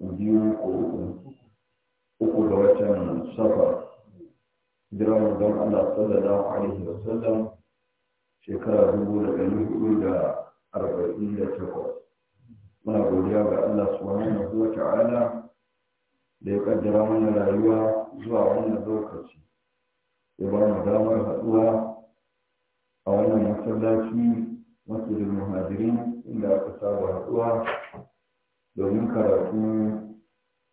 biyu ko uku uku ga watan safar jiran manzon Allah sallallahu alaihi wa sallam shekara dubu da ɗari hudu da arba'in da takwas muna godiya ga Allah subhanahu wa ta'ala da ya kaddara mana rayuwa zuwa wannan lokaci ya ba mu damar haɗuwa a wannan masallaci masjidin muhajirin inda aka saba haɗuwa karatu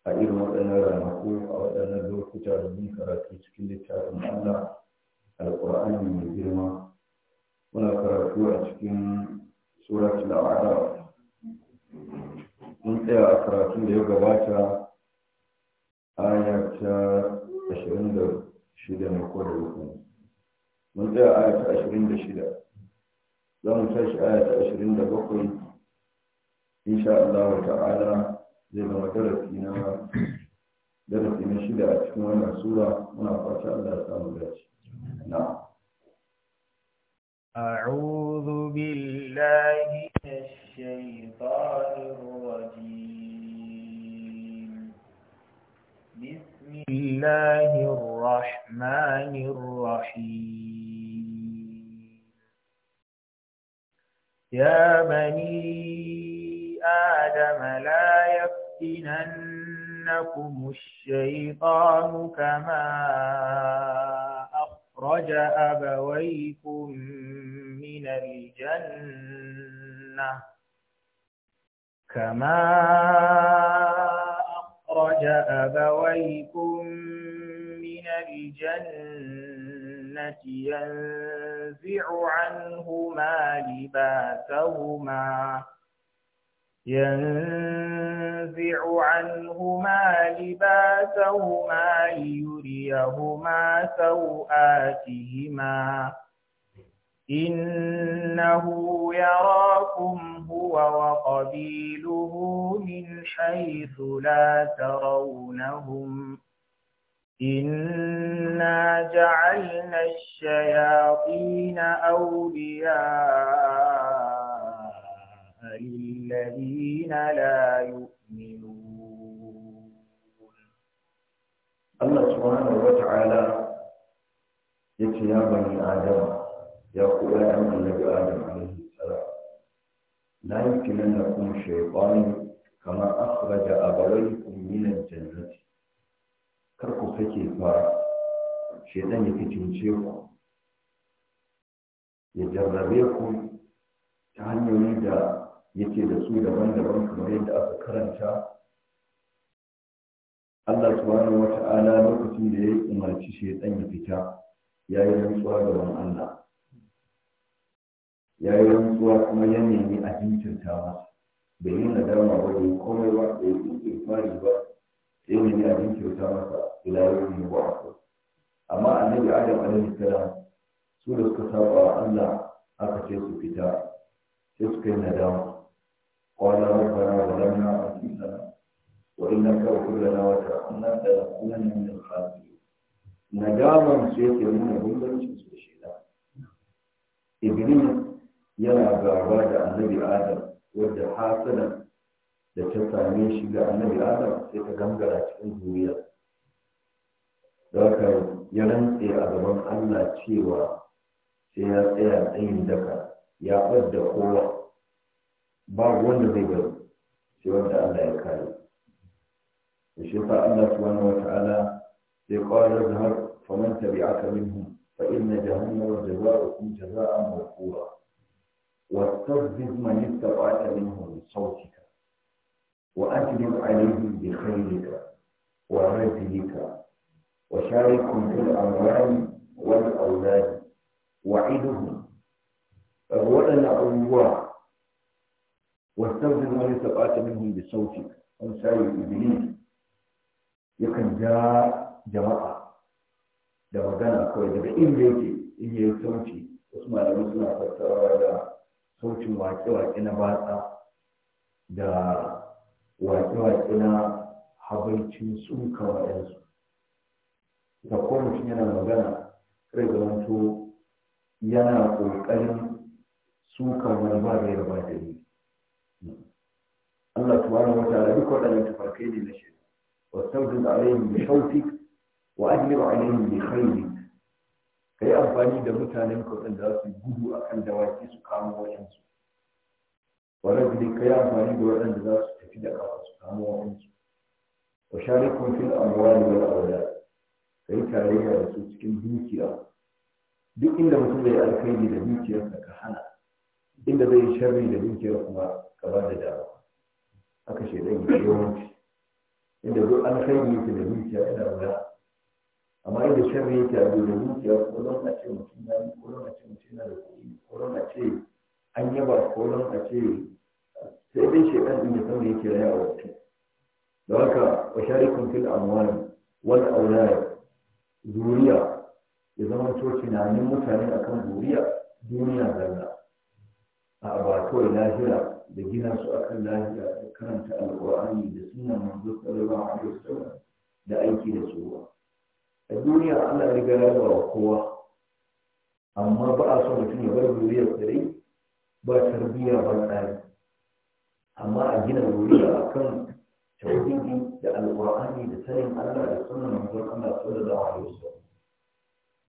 a irin waɗannan ranaku a waɗannan lokuta mun karatu cikin littafin Allah alƙur'ani mai girma muna karatu a cikin suratul a'raf mun tsaya a karatun da ya gabata aya ta ashirin da shida na kowa da uku mun tsaya aya ta ashirin da shida za mu tashi aya ta ashirin da bakwai إن شاء الله تعالى زي ما قلت فينا قلت فينا شدة أتكون سورة من فاشا الله تعالى بيش نعم أعوذ بالله الشيطان الرجيم بسم الله الرحمن الرحيم يا بني آدم لا يفتننكم الشيطان كما أخرج أبويكم من الجنة كما أخرج أبويكم من الجنة ينزع عنهما لباسهما ينزع عنهما لباسهما ليريهما سوآتهما إنه يراكم هو وقبيله من حيث لا ترونهم إنا جعلنا الشياطين أولياء للذين لا يؤمنون الله سبحانه وتعالى يتي يا بني آدم يا قوة أمر لك آدم عليه السلام لا يمكننكم شيطان كما أخرج أبويكم من الجنة كركو فكي فارس shaidan ya fitince ku ya jarrabe ku ta hanyoyi da yake da su daban-daban kamar yadda aka karanta Allah subhanahu ta'ala lokacin da ya umarci shaitan ya fita ya yi rantsuwa gaban Allah ya yi rantsuwa kuma ya nemi a jinkirta masa bai yi nadama ba bai komai ba bai yi fari ba sai nemi a jinkirta masa ila yau ne ba amma annabi adam alaihi salam su da suka saba Allah aka ce su fita sai suka yi nadama قال ربنا ظلمنا أنفسنا وإن تغفر لنا وترحمنا لنكونن من الخاسرين ندامر سيك من هلن شيئا إبليس yana gaba da annabi Adam wadda hasadan da ta same shi ga annabi Adam sai ta gangara cikin duniya da haka ya rantse a gaban Allah cewa sai ya tsaya tsayin daka ya ɓadda kowa babu wanda zai gaba sai wanda Allah ya kare da shi sa Allah subhanahu wa ta'ala sai qala zahar faman tabi'aka minhum fa inna jahannama jazaa'ukum jazaa'an mawqura واستفزز من استطعت منهم بصوتك وأجلب عليهم بخيرك ورزقك وشاركهم في الأموال والأولاد وعدهم waɗanda abubuwa واستغفر ما استطعت منهم بصوتك أن ساوي إبليس يكن جاء جماعة da magana kawai daga inda yake in yi sauci wasu malamai suna fassara da saucin wake-wake na batsa da wake-wake na habaicin tsuka waɗansu da ko yana magana kai wato yana ƙoƙarin sukan wani ba da yarba da ni Allah subhanahu wa ta'ala duk waɗannan tafarkai ne na shi واستوجب wa بصوتك وأجلب عليهم بخيرك kai amfani da mutanen kudin da su gudu a kan dawaki su kamo wayansu wani gidi kai amfani da waɗanda za su tafi da kafa su kamo wayansu wa share kwamfin amurwani wani aula kai tarayya da su cikin dukiya duk inda mutum zai yi alkhairi da dukiyarsa ka hana inda zai yi sharri da dukiyar kuma ka ba da dama haka shaidan yi yawanci inda an kai ne yake da dukiya yana wuya amma inda sharri yake a da dukiya ko don a ce mutum na yi ko don a ce mutum na da kuɗi ko don a ce an yaba ko don a ce sai dai shaidan din ya san da yake a mutum da haka wa sharikun fil amwal wal aulad zuriya ya zama to tunanin mutane akan zuriya duniya zanna a ba kawai lahira da gina su a kan lahira da karanta alƙur'ani da sunan manzo sallallahu alaihi wasallam da aiki da su ba a duniya Allah ya gara ba kowa amma ba a so mutum ya bar zuriyar dai ba tarbiyya ba tsari amma a gina zuriya a kan tauhidi da alƙur'ani da sanin Allah da sunan manzo Allah sallallahu alaihi wasallam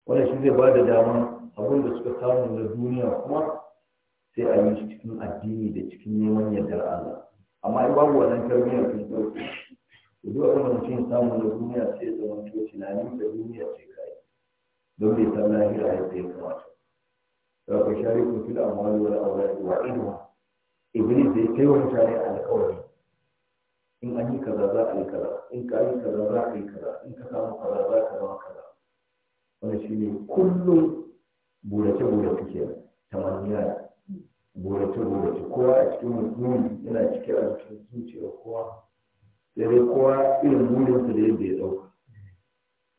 wannan shi zai ba da dama abin da suka samu na duniya kuma sai a yi cikin addini da cikin neman yardar Allah amma in babu wannan tarbiyyar sun ɗauke to duk wani mutum samu na duniya sai ya zama to tunanin da duniya ce kai don bai san lahira yadda ya kamata da ka shari ku fil amwal wal awlad wa ilma iblis da kai wani tare alƙawari in an yi kaza za a yi kaza in ka yi kaza za a yi kaza in ka samu kaza za ka zama kaza wani shine kullum burace burace ke tamanniya gorace-gorace kowa a cikin mutum yana cike a cikin zuciyar kowa sai dai kowa irin burinsa da yadda ya dauka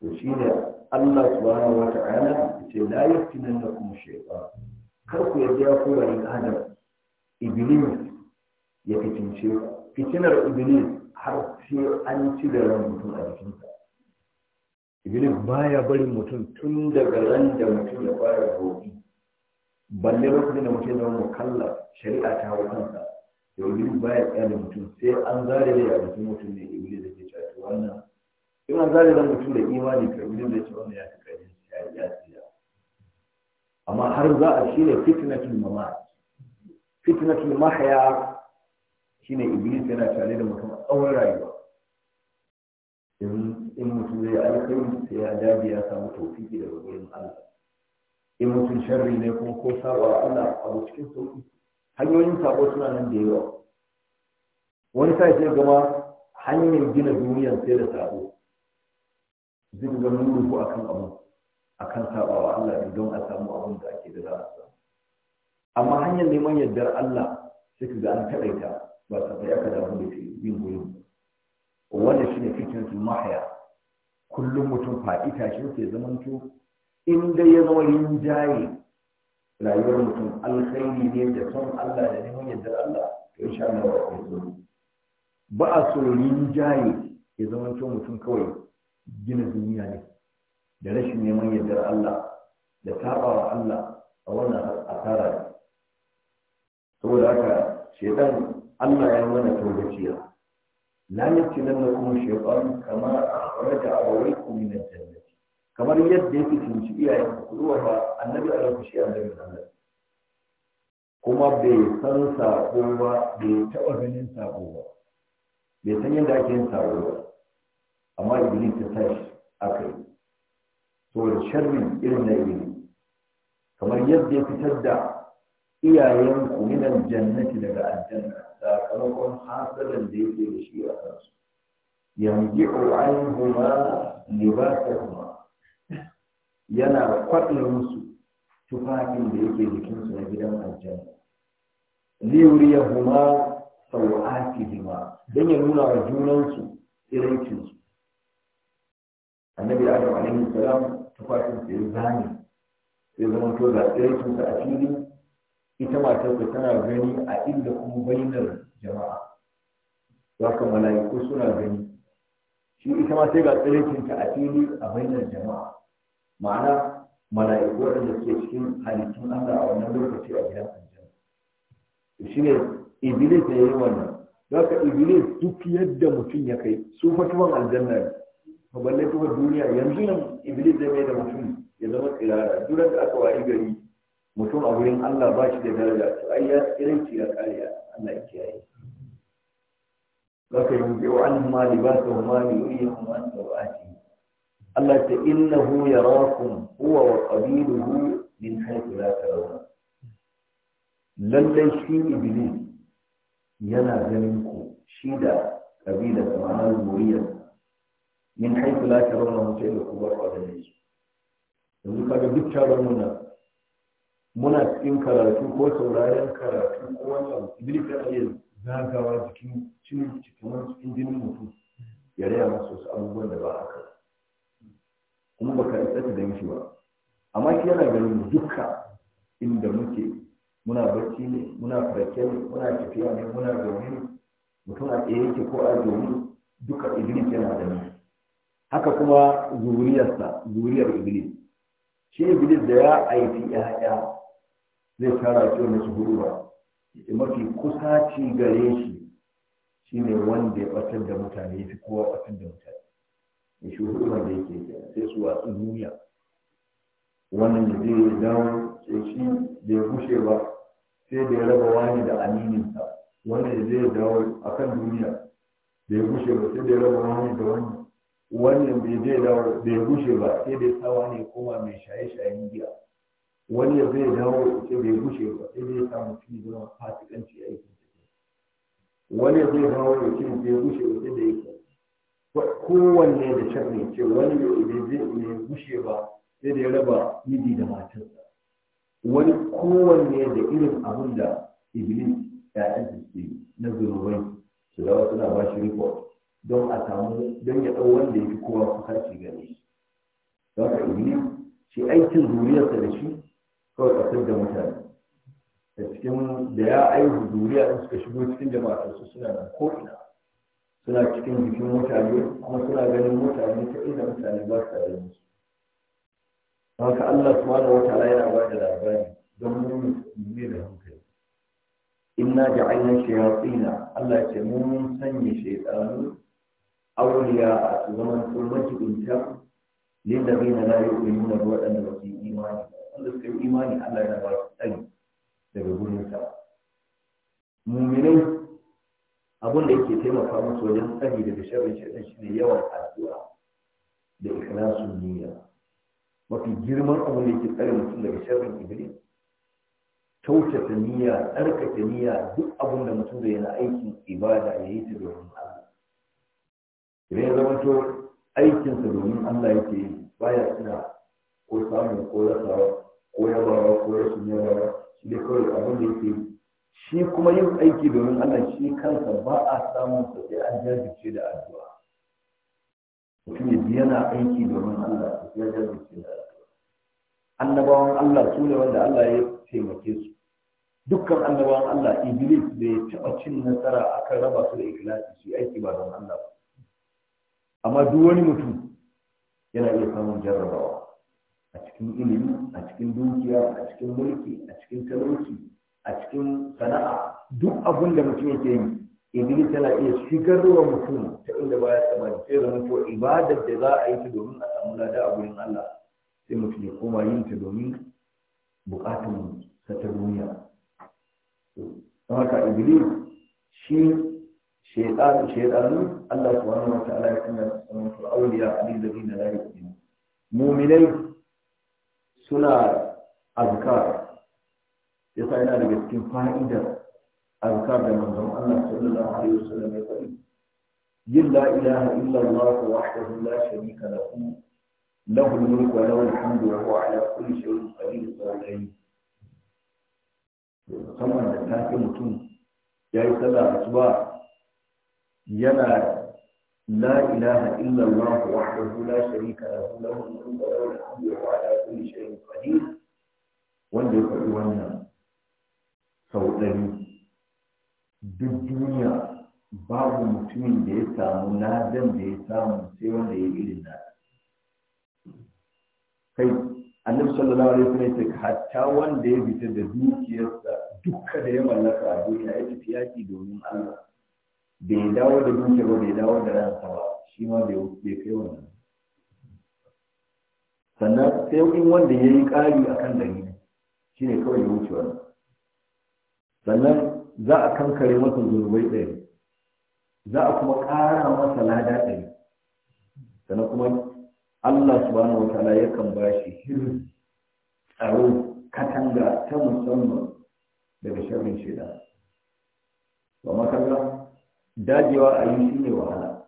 to shi ne Allah subhanahu wa ta'ala Na ce la da kuma shaytan kar ku yadda ya kowa yin adam iblis ya fitince ku fitinar iblis har sai an ci da ran mutum a jikinsa iblis baya barin mutum tun daga ran da mutum ya fara roƙi balle lokacin da mutum zama mukalla shari'a ta hau kansa yau baya tsaya da mutum sai an zare da mutum mutum ne iblis da ke cewa wannan in an zare da mutum da imani ka iblis da ce wannan ya ta kai ya ya amma har za a shine fitnatul mamat fitnatul Shi ne iblis yana tare da mutum a tsawon rayuwa in mutum zai alkhairi sai ya dabi ya samu tofiki daga gurin Allah in mutum sharri ne kuma ko saba Allah abu cikin sauki hanyoyin sabo suna nan da yawa wani sa ce gama hanyar gina duniyar sai da sabo zai ga nuru akan abu akan sabawa Allah don a samu abin da ake da za amma hanyar neman yardar Allah sai ka ga an taɗaita ba ta sai aka damu da ke yin gurin wannan shine fitin mahaya kullum mutum fa'ita shi ke zamanto Inda ya zama yin jaye, rayuwar mutum alkhairi ne da son Allah da neman yadda Allah to insha Allah ya zo ba a so yin jaye ya zama to mutum kawai gina duniya ne da rashin neman yadda Allah da tabawa Allah a wannan asara ne saboda haka shedan Allah ya mana kuma shekaru kamar a kama akhraja awaykum min al kamar yadda yake tunci iyayen ruwa ba annabi a yau shi annabi kuma bai san sako ba bai taɓa ganin sako ba bai san yadda ake yin sako ba amma iblis ta tashi aka yi saboda sharrin irin na iblis kamar yadda ya fitar da iyayen ku jannati daga aljanna sakamakon hasalan da yake da shi a kansu yanzu anhuma kuma. yana kwaɗa musu tufafin da yake jikinsu na gidan aljanna ya huma sau'ati hima don ya nuna wa junansu irincinsu annabi adam alaihi salam tufafin sa ya zane sai zama to ga irincinsa a fili ita matarsa tana gani a inda kuma bainar jama'a za ka mala'iku suna gani shi ita ma sai ga irincinta a fili a bainar jama'a ma'ana mala'iku waɗanda suke cikin halittun Allah a wannan lokaci a gidan aljanna to shine iblis ya yi wannan zaka iblis duk yadda mutum ya kai su fatuwan aljanna ne to balle duniya yanzu nan iblis zai mai da mutum ya zama tsirara duk da aka wayi gari mutum a wurin Allah ba shi da daraja to ai ya tsiranci ya kariya Allah ya kiyaye zaka yi wa anhu ma libasuhum ma yu'ihum ma sawati Allah ta innahu yarakum huwa wa qabiluhu min haythu la tarawun lallai shi iblis yana ganin ku shi da kabila da ma'anar muriyar min haythu la tarawun mutai da kubar wadanne su yanzu kaga duk taron muna muna cikin karatu ko sauraren karatu ko wannan iblis yana iya zagawa jikin cikin cikin jinin mutum ya raya masu wasu abubuwan da ba haka kuma baka isa ta gan ba amma shi yana ganin duka inda muke muna barci ne muna farke ne muna tafiya ne muna zaune ne mutum a tsaye yake ko a zaune duka iblis yana da ni haka kuma zuriyarsa zuriyar iblis shi iblis da ya aiki ya'ya zai tara shi wani su hudu ba mafi kusa ci gare shi shine wanda ya batar da mutane ya fi kowa batar da mutane ya shi hukumar da yake sai su watsu duniya wannan da zai dawo sai shi da ya gushe ba sai da ya raba wani da amininsa wannan da zai dawo a kan duniya da ya gushe ba sai da ya raba wani da wani wannan da zai dawo da ya gushe ba sai da ya sa wani ya koma mai shaye-shayen giya wani da zai dawo sai bai gushe ba sai da ya sa mutum zama fasikanci aiki. wani da zai dawo ya ce bai gushe ba sai da ya kowanne da sharri ce wani bai zai gushe ba sai da ya raba miji da matarsa wani kowanne da irin abin da iblis ya'yan suke na zunubai su dawo suna ba shi report don a samu don ya ɗau wanda ya fi kowa kusa shi gare shi don haka iblis shi aikin zuriyarsa da shi kawai a da mutane da cikin da ya aihu zuriya suka shigo cikin jama'a su suna nan ko'ina suna cikin jikin mutane kuma suna ganin mutane ta inda mutane ba su ganin musu. haka Allah subhanahu wataala yana ba da labari don mun ne da hankali inna ja'alna shayatina Allah ce mu mun sanya shaytanu awliya a su zaman to majibinta lillazina la yu'minuna bi waɗanda ba su imani Allah suka yi imani Allah yana ba su tsari daga gurin mu'minai abin da yake taimaka musu wajen tsari daga sharrin shi shine yawan addu'a da ikhlasun niyya mafi girman abin da yake tsare mutum daga sharrin iblis kyautata niyya tsarkake niyya duk abin da mutum zai yana aikin ibada ya yi ta domin Allah idan ya zama to aikinsa domin Allah yake yi baya suna ko samun ko rasawa ko yabawa ko rashin yabawa shi ne kawai abin da yake shi kuma yin aiki domin Allah shi kansa ba a samun sa sai an jajirce da addu'a mutum yana aiki domin Allah sai ya jajirce da addu'a annabawan Allah su ne wanda Allah ya taimake su dukkan annabawan Allah Iblis ya taɓa cin nasara akan raba su da ikilasi su aiki ba don Allah ba amma duk wani mutum yana iya samun jarrabawa a cikin ilimi a cikin dukiya a cikin mulki a cikin talauci a cikin sana'a duk abin da mutum yake yi iblis tana iya shigarwa mutum ta inda baya tsammani sai zama to ibadar da za a yi ta domin a samu lada a gurin Allah sai mutum ya koma yin ta domin bukatun sa ta duniya don haka iblis shi shaitan shaitanu Allah subhanahu wa ta'ala ya kuma sanar da auliya alladhina la yu'minun mu'minai suna azkar yasa yana daga cikin fa'idar azkar da manzon Allah sallallahu alaihi wasallam ya faɗi yin la ilaha illallah wahdahu la sharika lahu له الملك وله الحمد وهو على كل شيء قدير صلاتين musamman da ta fi mutum ya yi sallah asuba yana la ilaha illallah wahdahu la sharika lahu lahu al-mulku wa lahu al-hamdu wa ala kulli shay'in qadir wanda ya faɗi wannan sau ɗari duk duniya babu mutumin da ya samu ladan da ya samu sai wanda ya irin na kai annabi sallallahu alaihi wasallam yace hatta wanda ya fita da dukiyarsa duka da ya mallaka a duniya ya tafi yaki domin Allah bai dawo da dukiyar ba bai dawo da ransa ba shi ma bai kai wannan sannan sai in wanda ya yi ƙari akan shi ne kawai ya wuce wannan sannan za a kankare masa zurbai ɗaya za a kuma ƙara masa lada ɗaya sannan kuma Allah subhanahu wa ta'ala yakan ba shi hirin tsaro katanga ta musamman daga sharrin shida ba makarga dajewa a yi shi ne wahala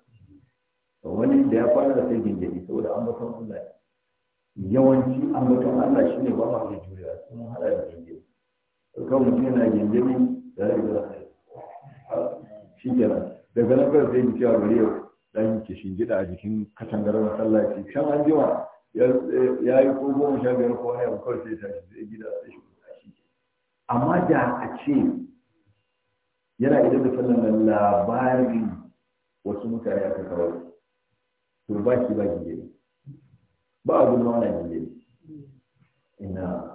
wani da ya fara da sai gingiri saboda an baton Allah yawanci an baton Allah shi ne ba ma ke juriya sun hada da gingiri kawai mutum yana gindini da ya gida shi kenan daga nan kawai sai mutum ya bari yau dan ke shingida a jikin katangar masallaci can an jima ya yi ko goma sha biyar ko wani kawai sai tashi zai gida sai shi shi amma da a ce yana idan da sallan labarin wasu mutane aka kawo to ba shi ba gindini ba abin ma na gindini ina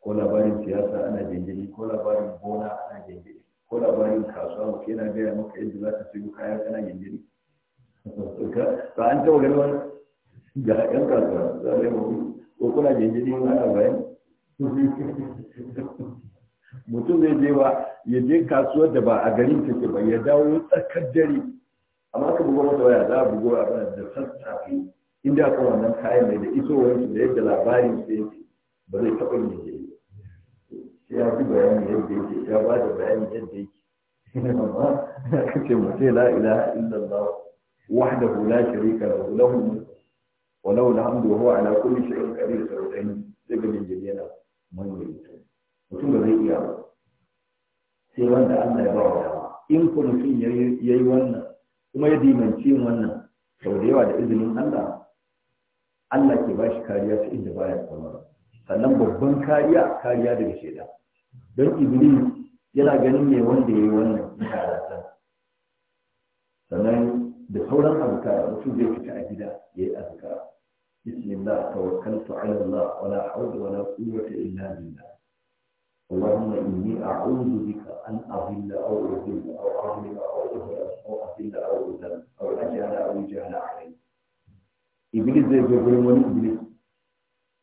ko labarin siyasa ana jangiri ko labarin gona ana jangiri ko labarin kasuwa mutum yana gaya maka yadda za ka sayo kaya kana jangiri ba an taɓa ganin wani ga yan kasuwa za a yi ko kuna jangiri wani ana bayan mutum zai je ba ya je kasuwar da ba a garin take ba ya dawo tsakar dare amma ka bugo wata waya za a bugo a bana da sassafe inda aka wannan kayan mai da isowar su da yadda labarin su ce ba zai taɓa yin jangiri sai ya fi bayani yadda yake ya ba da bayani yadda yake amma ya ce mu ce la ilaha illallah wahdahu la sharika lahu lahu mulku wa lahu alhamdu wa huwa ala kulli shay'in qadir sautain sai ga jinjiri yana manyanta mutum da zai iya ba sai wanda Allah ya ba wa dama in ku mutum ya yi wannan kuma ya dimanci wannan sau da yawa da izinin Allah Allah ke ba shi kariya ta inda baya tsamar sannan babban kariya kariya daga shaida don iblis yana ganin ne wanda ya yi wannan yarasa sannan da sauran azkara mutum zai fita a gida ya yi azkara bismillah tawakkaltu ala Allah wala hawla wala quwwata illa billah اللهم إني أعوذ بك أن أضل أو أضل أو أظلم أو أهلك أو أضل أو أذل Ibilis zai zo يجهل wani Ibilis.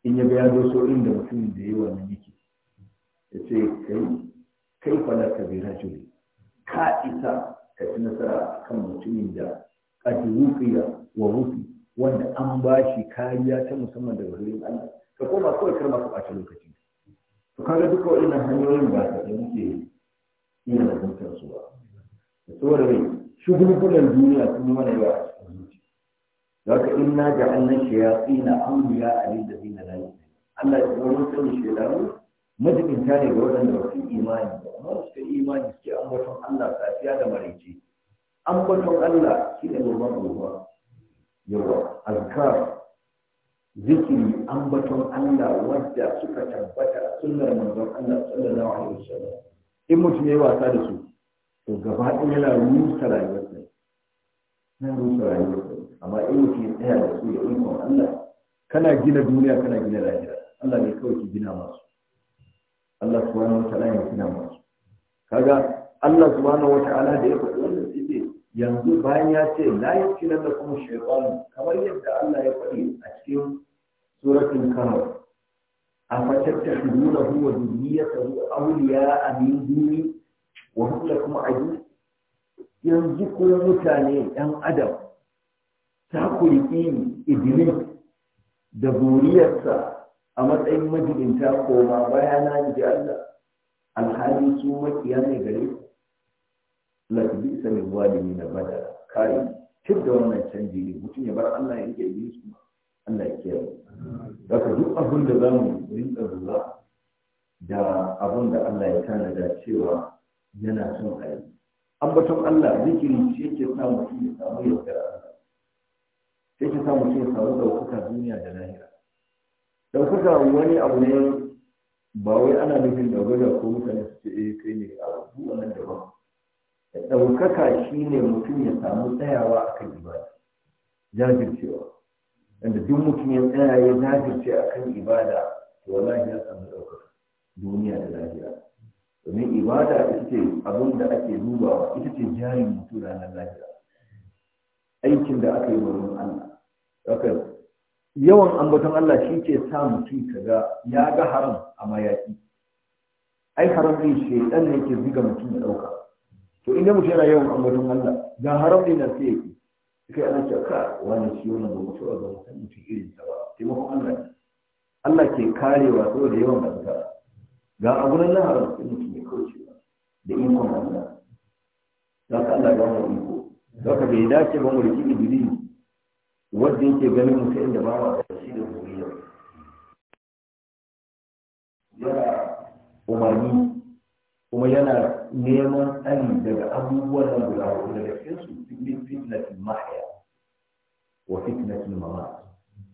In ya إبليس إن يبيع دوسو إن دوسو إن ديوان يجي ya ce kai kai fada ka bi rajuli ka isa ka ci nasara kan mutumin da ƙadirufiya wa rufi wanda an ba shi kariya ta musamman daga wurin Allah ka koma kawai kar ma ka lokaci to kaga duka waɗannan hanyoyin ba ka muke da nazartar su ba saboda mai shugulgulan duniya sun yi mana yawa a cikin zuci za ka in na ga annan shayatsi na an biya a da zina na Allah ya tsawo shaidaru majibinta ne ga waɗanda ba su imani ba amma su imani suke ambaton Allah safiya da maraice ambaton Allah shi ne gurbin abubuwa yawa azkar zikiri ambaton Allah wadda suka tabbata sunnar manzon Allah sallallahu alaihi wasallam in mutum yayi wasa da su to gaba ɗaya yana rusa rayuwarsa yana rusa rayuwarsa amma in mutum ya tsaya da su da ikon Allah kana gina duniya kana gina lahira Allah ne kawai ke gina masu Allah subhanahu wataala ya tuna musu kaga Allah subhanahu wataala da ya faɗi wannan sai yanzu bayan ya ce la yaskinan da kuma shaytan kamar yadda Allah ya faɗi a cikin suratul kahf أفتتخذونه وذريته أولياء من wa وهم لكم عدو yanzu kuma mutane ‘yan adam ta kulki iblis da buriyarsa. a matsayin majibinta ko ma bayana ji Allah alhali su makiya ne gare lati bi sami wali walimi na bada kare cik da wannan canji ne mutum ya bar Allah ya rike yi su Allah ya kiyaye ka duk abin da za mu rinka lura da abin da Allah ya tanada cewa yana son a yi ambaton Allah zikiri shi yake sa mutum ya samu yaudara Allah sai Yake sa mutum ya samu ɗaukaka duniya da lahira ɗaukaka wani abu ne ba wai ana nufin da ɗaukaka ko mutane su ce eh kai ne a rabu wannan daban ɗaukaka shi ne mutum ya samu tsayawa a kan ibada jajircewa inda duk mutum ya tsaya ya jajirce a ibada to wallahi ya samu daukaka duniya da lafiya domin ibada ita ce abin da ake dubawa ita ce jari mutum ranar lafiya aikin da aka yi wurin Allah yawan ambaton Allah shi ke sa mutum ga ya ga haram a mayaƙi ai haram ne shi ɗan ne ke ziga mutum ya ɗauka. to inda mutum yana yawan ambaton Allah ga haram ne na sai yake kai ana cewa ka wani shi wannan ba mutum ba mutum mutum irin ta ba taimakon Allah ne Allah ke karewa saboda yawan ƙasa, ga abu nan haram sai mutum ya kauce da ikon Allah za ka Allah ya mu iko za ka bai dace ba mu riki iblis wanda yake ganin mutum inda ba wa shi da zuriya yana umarni kuma yana neman tsari daga abubuwan da guda hudu daga cikin su cikin fitnatin mahaya wa fitnatin mama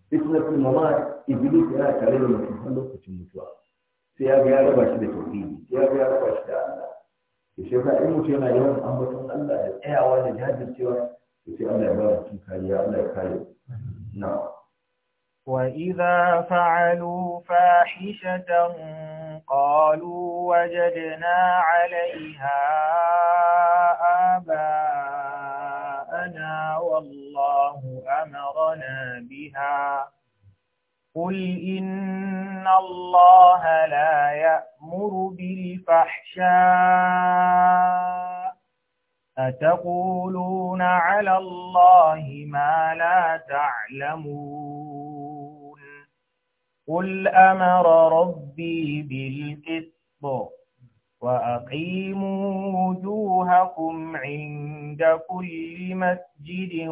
fitnatin mama iblis yana tare da mutum har lokacin mutuwa sai ya ga ya raba shi da tauhidi sai ya ga ya raba shi da Allah ya shekara in mutum yana yawan ambaton Allah da tsayawa da jajircewa وَإِذَا فَعَلُوا فَاحِشَةً قَالُوا وَجَدْنَا عَلَيْهَا آبَاءَنَا وَاللَّهُ أَمَرَنَا بِهَا قُلْ إِنَّ اللَّهَ لَا يَأْمُرُ بِالْفَحْشَاءِ أتقولون على الله ما لا تعلمون قل أمر ربي بالقسط وأقيموا وجوهكم عند كل مسجد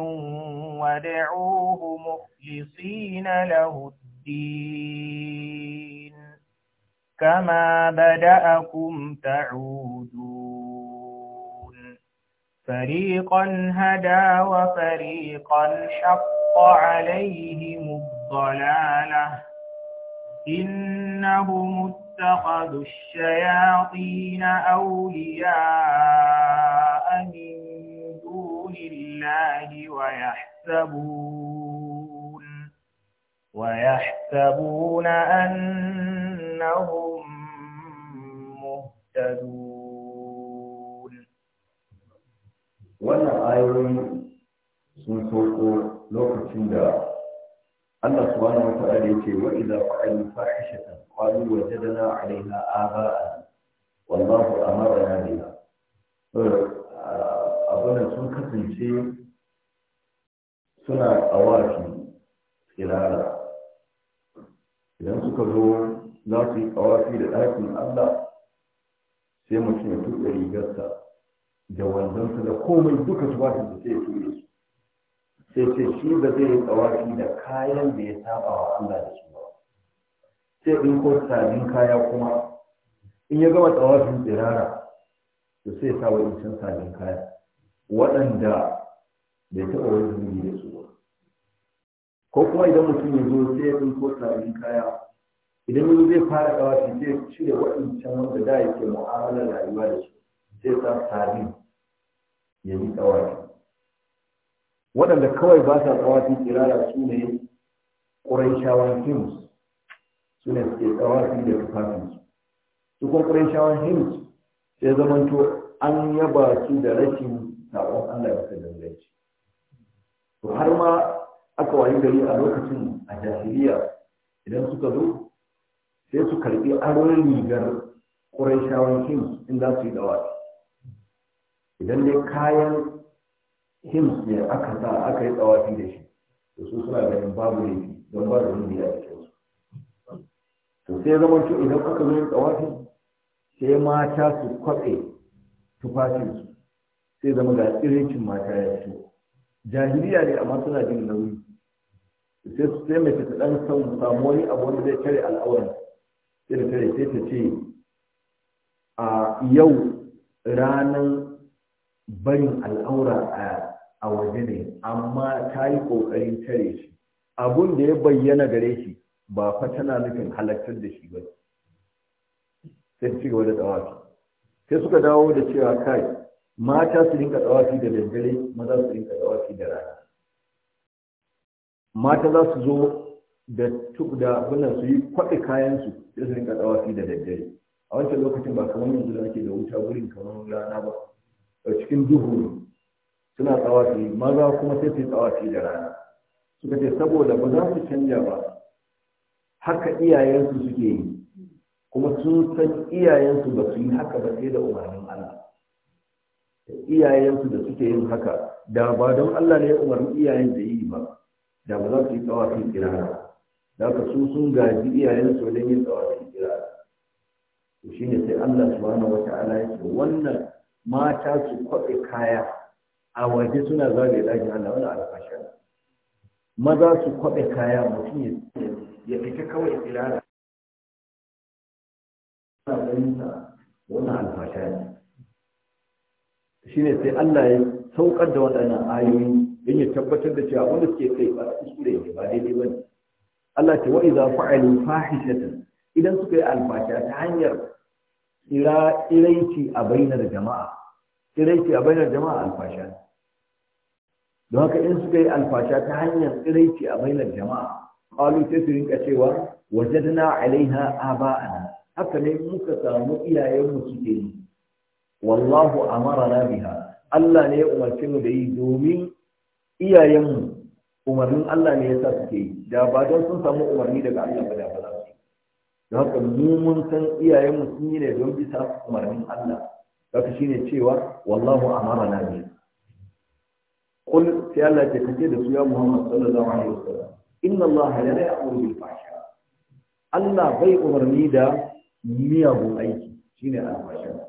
وادعوه مخلصين له الدين كما بدأكم تعودون فريقا هدى وفريقا حق عليهم الضلالة إنهم اتخذوا الشياطين أولياء من دون الله ويحسبون ويحسبون أنهم مهتدون wannan ayoyi sun sauko lokacin da Allah subhanahu wa ta'ala yake wa idza fa'alu fahishatan qalu wajadna 'alayha a wallahu amarna biha uh, abin sun kasance suna awafi tsirara idan suka zo za su yi awafi da ɗakin Allah sai mutum ya tuɗe rigarsa da wandonsa da komai duka su da sai ture shi, sai ce shi ba zai yi tsawaki da kayan da ya saba wa Allah da su ba sai in ko sabin kaya kuma in ya gama tsawafin tsirara to sai sa wa incin sabin kaya waɗanda bai taɓa wani zubi da su ba ko kuma idan mutum ya zo sai ya ko sabin kaya idan yanzu zai fara tsawaki sai ya cire waɗancan wanda da yake mu'amalar rayuwa da su sai sa sabin ya yi tsawaki waɗanda kawai ba sa tsawaki kirara su ne ƙuraishawan hims su ne suke tsawaki da tufafinsu su kuma shawan hims sai zamanto an yaba su da rashin saƙon allah da danganci to har ma aka wayi gari a lokacin a jahiliya idan suka zo sai su karɓi aron rigar shawan hims in za su yi tsawaki idan dai kayan hims ne aka sa aka yi tsawafi da shi to su suna ganin babu ne don ba da rubi da cikin to sai zama shi idan aka zo yin tsawafi sai mata su kwatse tufafinsu sai zama ga tsirincin mata ya fito jahiliya ne amma suna jin nauyi sai su sai mai ta ɗan samu samu wani abu wanda zai kare al'awar sai da tare sai ta ce a yau ranar barin al'aura a waje ne amma ta yi ƙoƙarin tare shi abun da ya bayyana gare shi ba fa tana nufin halartar da shi ba sai ci gaba da tsawafi sai suka dawo da cewa kai mata su rinka tsawafi da daddare maza su rinka tsawafi da rana mata za su zo da tuk da wannan su yi kwaɗe su sai su rinka tsawafi da daddare a wancan lokacin ba kamar yanzu da ake da wuta wurin kamar rana ba a cikin duhu suna tsawafi maza kuma sai su tsawafi da rana suka ce saboda ba za su canja ba haka iyayensu suke yi kuma sun san iyayensu ba su yi haka ba sai da umarnin Allah iyayensu da suke yin haka da ba don Allah ne ya umarni iyayen da yi ba da ba za su yi tsawafi kirara da ka su sun gaji iyayensu wajen yin tsawafi kirara to shine sai Allah subhanahu wata'ala ya ce wannan mata su kwaɓe kaya a waje suna zagaye dakin Allah wani alfasha maza su kwaɓe kaya mutum ya fita kawai tsirara wani alfasha shi ne sai Allah ya saukar da waɗannan ayoyi don ya tabbatar da cewa wanda suke kai ba su da ba daidai ba ne Allah ce za idza ainihin fahishatan idan suka yi alfasha ta hanyar ira iraici a bainar jama'a tsiraici a bainar jama'a alfasha don haka in suka yi alfasha ta hanyar tsiraici a bainar jama'a ƙalu sai su rinka cewa wajadna alaiha aba'ana haka ne muka samu iyayenmu suke yi wallahu amarana biha Allah ne ya umarce mu da yi domin iyayenmu umarnin Allah ne ya sa suke yi da ba don sun samu umarni daga Allah ba da ba za su yi don haka mu mun san iyayenmu sun yi ne don bisa umarnin Allah shi ne cewa wallahu na bi qul sai Allah ke kace da su ya Muhammad sallallahu alaihi wasallam inna Allah a ya'muru bil fahsha Allah bai umarni da miyagun aiki Shi ne alfasha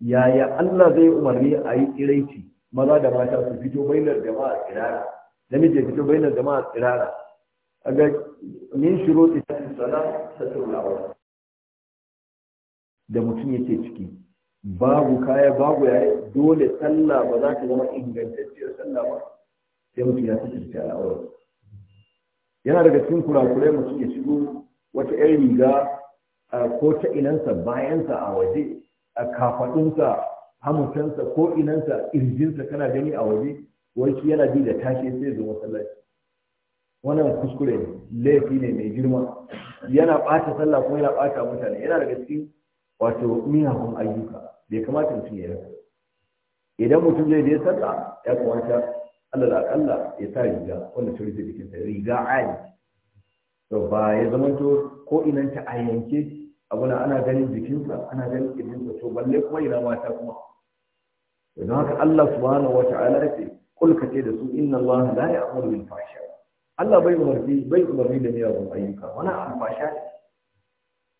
yaya Allah zai umarni a yi tsiraici maza da mata su fito bainar jama'a tsirara namiji fito bainar jama'a tsirara aga min shiro tsirara sana'a ta tulawa da mutum yake ciki babu kaya babu yayi dole sallah ba za ta zama ingantacciyar sallah ba sai mutum ya kasance al'aurar yana daga cikin kurakurai mutum ya shigo wata yan riga ko ta inansa bayansa a waje a kafaɗinsa hamutansa ko inansa irjinsa kana gani a waje wai yana bi da tashi sai zo masallaci wannan kuskure ne laifi ne mai girma yana ɓata sallah kuma yana ɓata mutane yana daga cikin wato miyagun ayyuka bai kamata mutum ya rasa idan mutum zai je sallah ya kamata Allah da akalla ya sa riga wanda ta rufe jikinsa riga ali to ba ya zamanto ko ta a yanke abuna ana ganin jikinsa ana ganin jikinsa to balle kuma ina mata kuma Idan haka Allah subhanahu wata'ala ya ce kul ka ce da su inna Allah la ya'muru bil fahsha Allah bai umarni bai umarni da miyagun ayyuka wani alfasha ne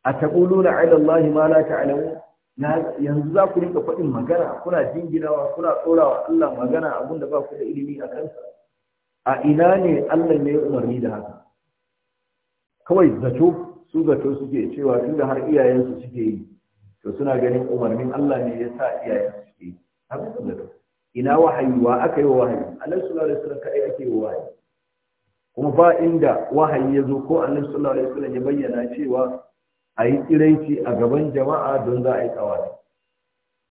a taquluna ala Allah ma la ta'lamu yanzu za ku rinka faɗin magana kuna jinginawa kuna tsorawa Allah magana abin da ba ku da ilimi a kansa a ina ne Allah ne ya umarni da haka kawai zato su zato suke cewa da har iyayensu suke yi to suna ganin umarnin Allah ne ya sa iyayensu suke yi haka su zato ina wahayi wa aka yi wa wahayi Allah su alaihi wasallam kaɗai ake wa wahayi kuma ba inda wahayi ya zo ko Allah su alaihi wasallam ya bayyana cewa a yi tsiraici a gaban jama'a don za a yi tsawafi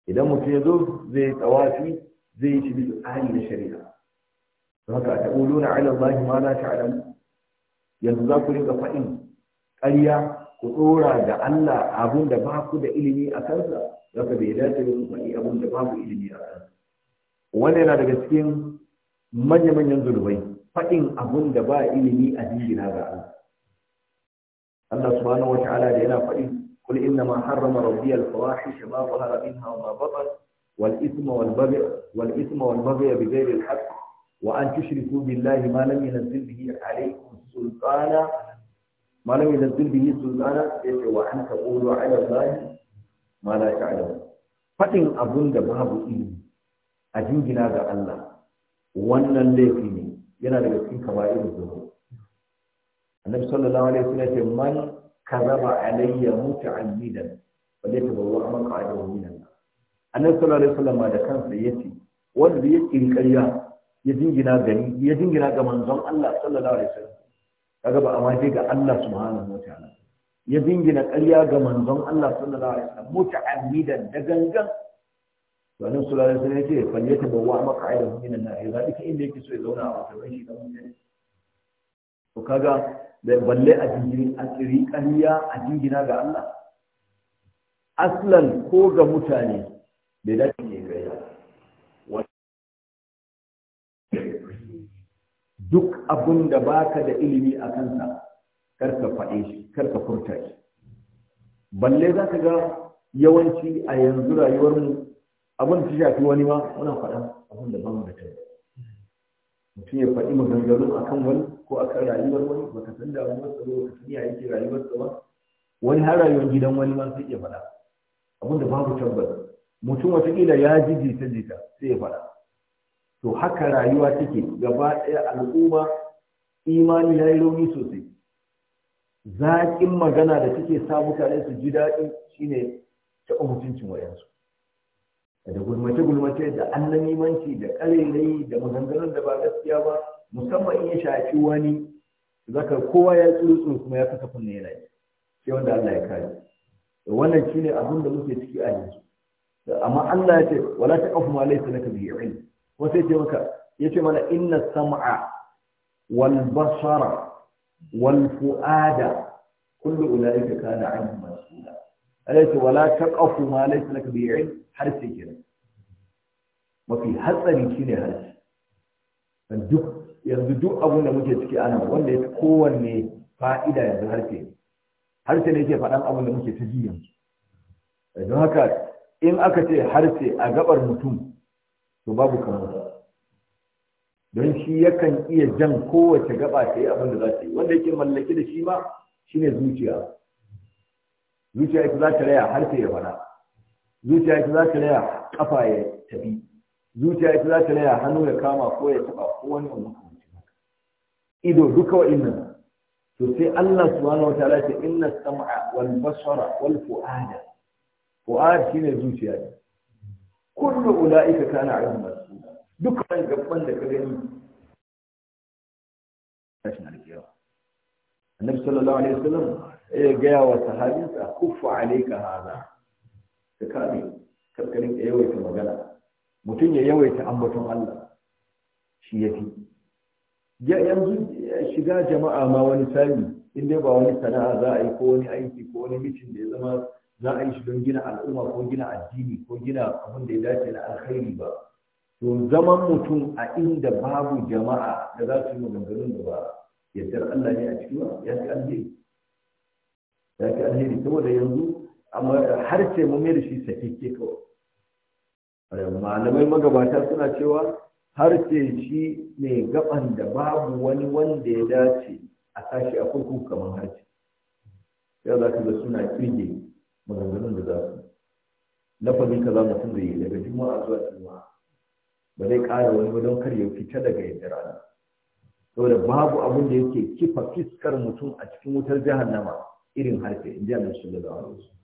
idan mutum ya zo zai yi tsawafi zai yi shi bisa tsari da shari'a don haka ta ulu na ala Allah ma na ta'lam yanzu za ku rinka faɗin ƙarya ku tsora da Allah abun da ba ku da ilimi a kansa Za ka bai dace ku faɗi abun da ba ku ilimi a kansa wannan yana daga cikin manya-manyan zulubai faɗin abun da ba ilimi a jirgin ga Allah Allah subhanahu wata'ala da yana faɗi kul inna ma harrama rabbi al-fawahish ma zahara minha wa ma batan wal ithma wal baghy wal ithma wal baghy bi ghayri al-haqq wa an tushriku billahi ma lam yunzil bihi alaykum sultana babu إيه a jingina ga Allah wannan laifi ne yana daga cikin kabair zuwa annabi sallallahu alaihi wasallam ya ce man kazaba alayya muta'ammidan walaysa bawa amma qa'adahu minan annabi sallallahu alaihi wasallam da kansa yace wanda ya kirkariya ya dingina gani ya dingina ga manzon Allah sallallahu alaihi wasallam kaga ba amma dai ga Allah subhanahu wataala ya dingina ƙarya ga manzon Allah sallallahu alaihi wasallam muta'ammidan da gangan to annabi sallallahu alaihi wasallam yace falyata bawa amma qa'adahu minan nar inda yake so ya zauna a wata shi da mutane to kaga da balle a jingiri a tsiri kariya a jingina ga Allah aslan ko ga mutane bai dace ne ga ya duk abun da baka da ilimi a kansa karka faɗe shi karka furta shi balle za ka ga yawanci a yanzu rayuwarmu mu abin da shafi wani ma muna faɗa abin da ba mu da tabbata mutum ya faɗi maganganu a kan wani ko a kan rayuwar wani ba ka san damuwarsa ba ka san ya yake rayuwar ba wani har rayuwar gidan wani ma sai ya faɗa abin da babu tabbas mutum watakila ya ji jita jita sai ya faɗa to haka rayuwa take gaba ɗaya al'umma imani ya yi rauni sosai zaƙin magana da take sa mutane su ji daɗi shine taɓa mutuncin wayansu da gulmace-gulmace da annan imanci, da ƙarerayi da maganganun da ba gaskiya ba musamman in ya shafi wani zaka kowa ya tsuru kuma ya kasa kunne yana yi sai wanda Allah ya kare wannan shine abin da muke ciki a yanzu amma Allah ya ce wala taqfu ma laysa laka bihi ilm ko sai ce maka yace mana inna sam'a wal basara wal fuada kullu ulaika kana anhu mas'ula alaysa wala taqfu ma laysa laka bihi ilm harshe kenan mafi hatsari ne harshe yanzu duk abin da muke ciki ana wanda ya kowanne fa'ida yanzu harshe harshe ne ke faɗan abin da muke ta ji yanzu don haka in aka ce harshe a gabar mutum to babu kamar don shi yakan iya jan kowace gaba ta yi abin da za ta yi wanda yake mallaki da shi ma shine zuciya zuciya ita za ta raya harshe ya faɗa zuciya ita za ta raya kafa ya tafi zuciya ita za ta raya hannu ya kama ko ya taba ko wani wani. makamancin haka ido duka wa'innan to sai Allah subhanahu wa ta'ala ce inna sam'a wal basara wal fu'ada fu'ad shine zuciya ne kullu ulaika kana ilmu Duka dukkan gaban da ka gani tashin alkiyama annabi sallallahu alaihi wasallam ya ga wa sahabinsa kuffa alayka hadha ka kame karkarin ka yawaita magana mutum ya yawaita ambaton Allah shi ya fi yanzu shiga jama'a ma wani sami in ba wani sana'a za a yi ko wani aiki ko wani mitin da ya zama za a yi shi don gina al'umma ko gina addini ko gina abin da ya dace na alkhairi ba to zaman mutum a inda babu jama'a da za su yi maganganun da ba yaddar Allah ne a cikin ba ya fi alheri ya fi alheri saboda yanzu amma har ce mu mai da shi sakeke kawai malamai magabata suna cewa har ce shi mai gaban da babu wani wanda ya dace a sashi a kurkuku kamar harce yau za ka ga suna kirge maganganun da za su lafazin ka za mutum da yi daga juma'a zuwa juma'a ba zai ƙara wani don kar ya fita daga yadda rana saboda babu abin da yake kifa fiskar mutum a cikin wutar jahannama irin harfe in ji annabi sallallahu alaihi wasallam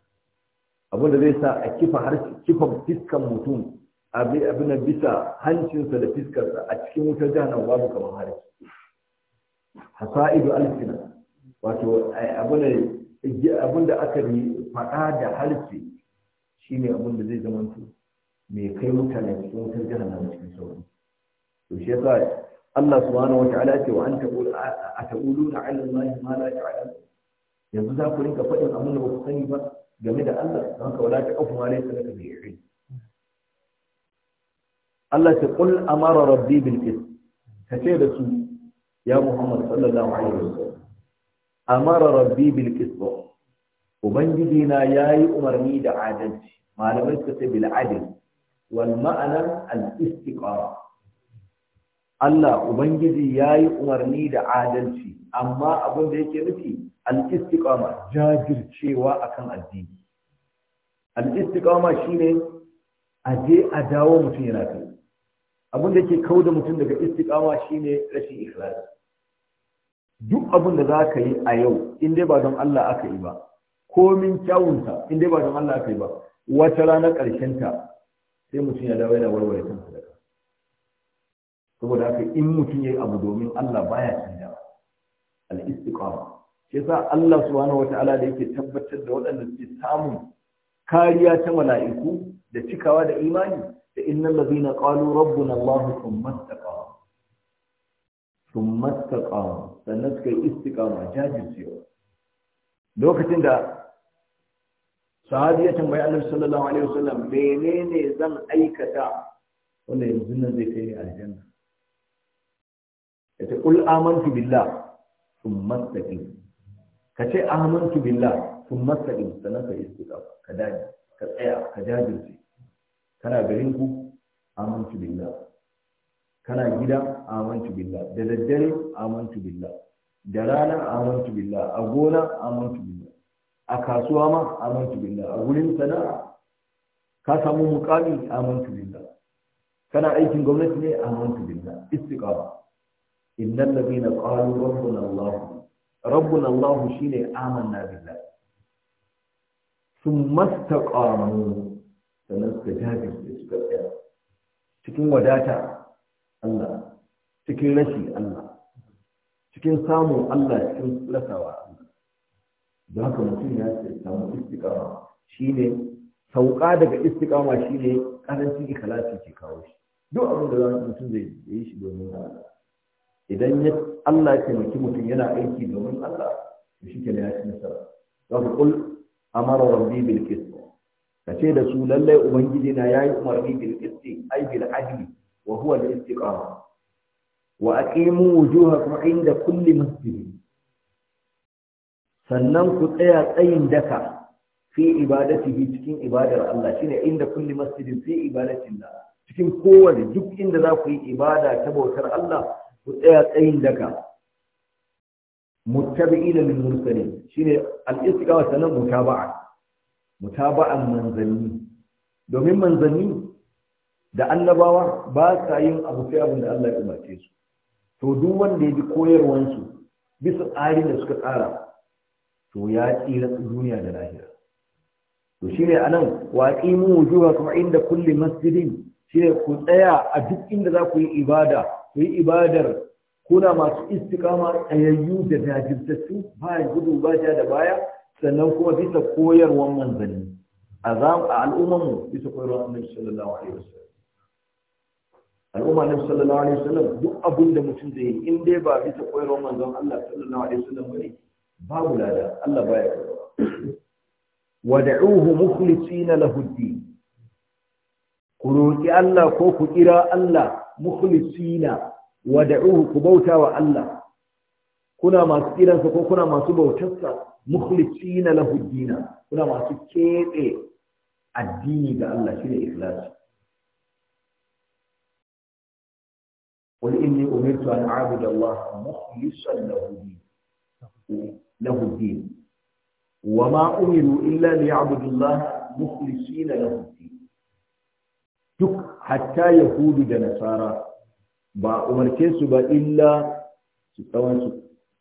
abin da zai sa a kifa har kifa fiskan mutum abin da bisa hancinsa da fiskarsa a cikin wutar jahannan babu kamar hari hasa'idu alfina wato abin da aka yi faɗa da harshe ne abin da zai zama mai kai mutane cikin wutar jahannan cikin sauri to shi yasa Allah subhanahu wata'ala ce wa an ta'uluna 'ala Allah ma la ta'lamun yanzu za ku rinka faɗin abin da ba ku sani ba game da Allah don ka wala ta kafu ma laysa laka bi ilm Allah ta qul amara rabbi bil qist ka ce da su ya Muhammad sallallahu alaihi wasallam amara rabbi bil qist ubangiji na yayi umarni da adalci malamai suka ce bil adl wal ma'ana al istiqama Allah Ubangiji ya yi umarni da adalci amma abin da yake nufi al jajircewa jajircewa kan addini al shi ne a je a dawo mutum yana kai abin da yake kauda mutum daga shi ne rashin ikhlasi duk abin da za ka yi a yau in dai ba don Allah aka yi ba komin kyawunsa, in dai ba don Allah aka yi ba wata ranar ƙarshen ta sai mutum ya dawo yana warware kansa saboda haka in mutum ya yi abu domin Allah baya tsada al-istiqama shi sa Allah subhanahu wataala da yake tabbatar da waɗanda suke samun kariya ta mala'iku da cikawa da imani da innal ladina qalu rabbuna Allah sun istaqamu thumma istaqamu sannan suka yi istiqama jajircewa lokacin da sahabi ya tambayi annabi sallallahu alaihi wasallam menene zan aikata wanda yanzu nan zai kai aljanna yace kul amantu billah thumma istaqim kace amantu billah thumma istaqim sanan ka istiqam ka dai ka tsaya ka jajirce kana garin ku amantu billah kana gida amantu billah da daddare amantu billah da rana amantu billah a gona amantu billah a kasuwa ma amantu billah a gurin sana'a ka samu mukami amantu billah kana aikin gwamnati ne amantu billah istiqama innal ladina qalu rabbuna allah rabbuna allah shine Sun masta thumma istaqamu sannan suka da suka tsaya cikin wadata Allah cikin rashi Allah cikin samun Allah cikin rasawa Allah don haka mutum ya ce samu istiqama shine sauka daga istiqama shine karancin ikhlasi ke kawo shi duk abin da mutum zai yi shi domin Allah idan ya Allah ya taimaki mutum yana aiki domin Allah to shi ke ya ci nasara za ku kul amara rabbi bil qist ka ce da su lallai ubangiji na yayi umarni bil qist ai bil adli wa huwa al istiqama wa aqimu wujuhakum inda kulli masjid sannan ku tsaya tsayin daka fi ibadatihi cikin ibadar Allah shine inda kulli masjidin fi ibadatin cikin kowane duk inda za ku yi ibada ta bautar Allah ku tsaya tsayin daka muttabi'ina lil mursalin shine al-istiqama sanan mutaba'a mutaba'an manzanni domin manzanni da annabawa ba sa yin abu sai abin da Allah ya umarce su to duk wanda ya bi koyarwansu bisa tsari da suka tsara to ya tsira duniya da lahira to shine anan wa qimu wujuhakum inda kulli masjidin shine ku tsaya a duk inda za ku yi ibada ku yi ibadar kuna masu istiqama tsayayyu da jajirtattu ba gudu ba ja da baya sannan kuma bisa koyarwar manzanni a al'ummar mu bisa koyarwar annabi sallallahu alaihi wasallam al'umma annabi sallallahu alaihi wasallam duk abin da mutum zai yi in dai ba bisa koyarwar manzon Allah sallallahu alaihi wasallam bane babu lada Allah baya karba wad'uhu mukhlisina lahu ad-din ku roki Allah ko ku kira Allah mukhlisina wad'uhu ku bauta wa Allah kuna masu kiransa ko kuna masu bautarsa mukhlisina lahu dina kuna masu kebe addini ga Allah shine ikhlasi قل إني wa أن أعبد الله مخلصا له دين له wa ma umiru illa ليعبدوا الله مخلصين له الدين duk hatta yahudu da nasara ba umarce su ba illa su tsawon su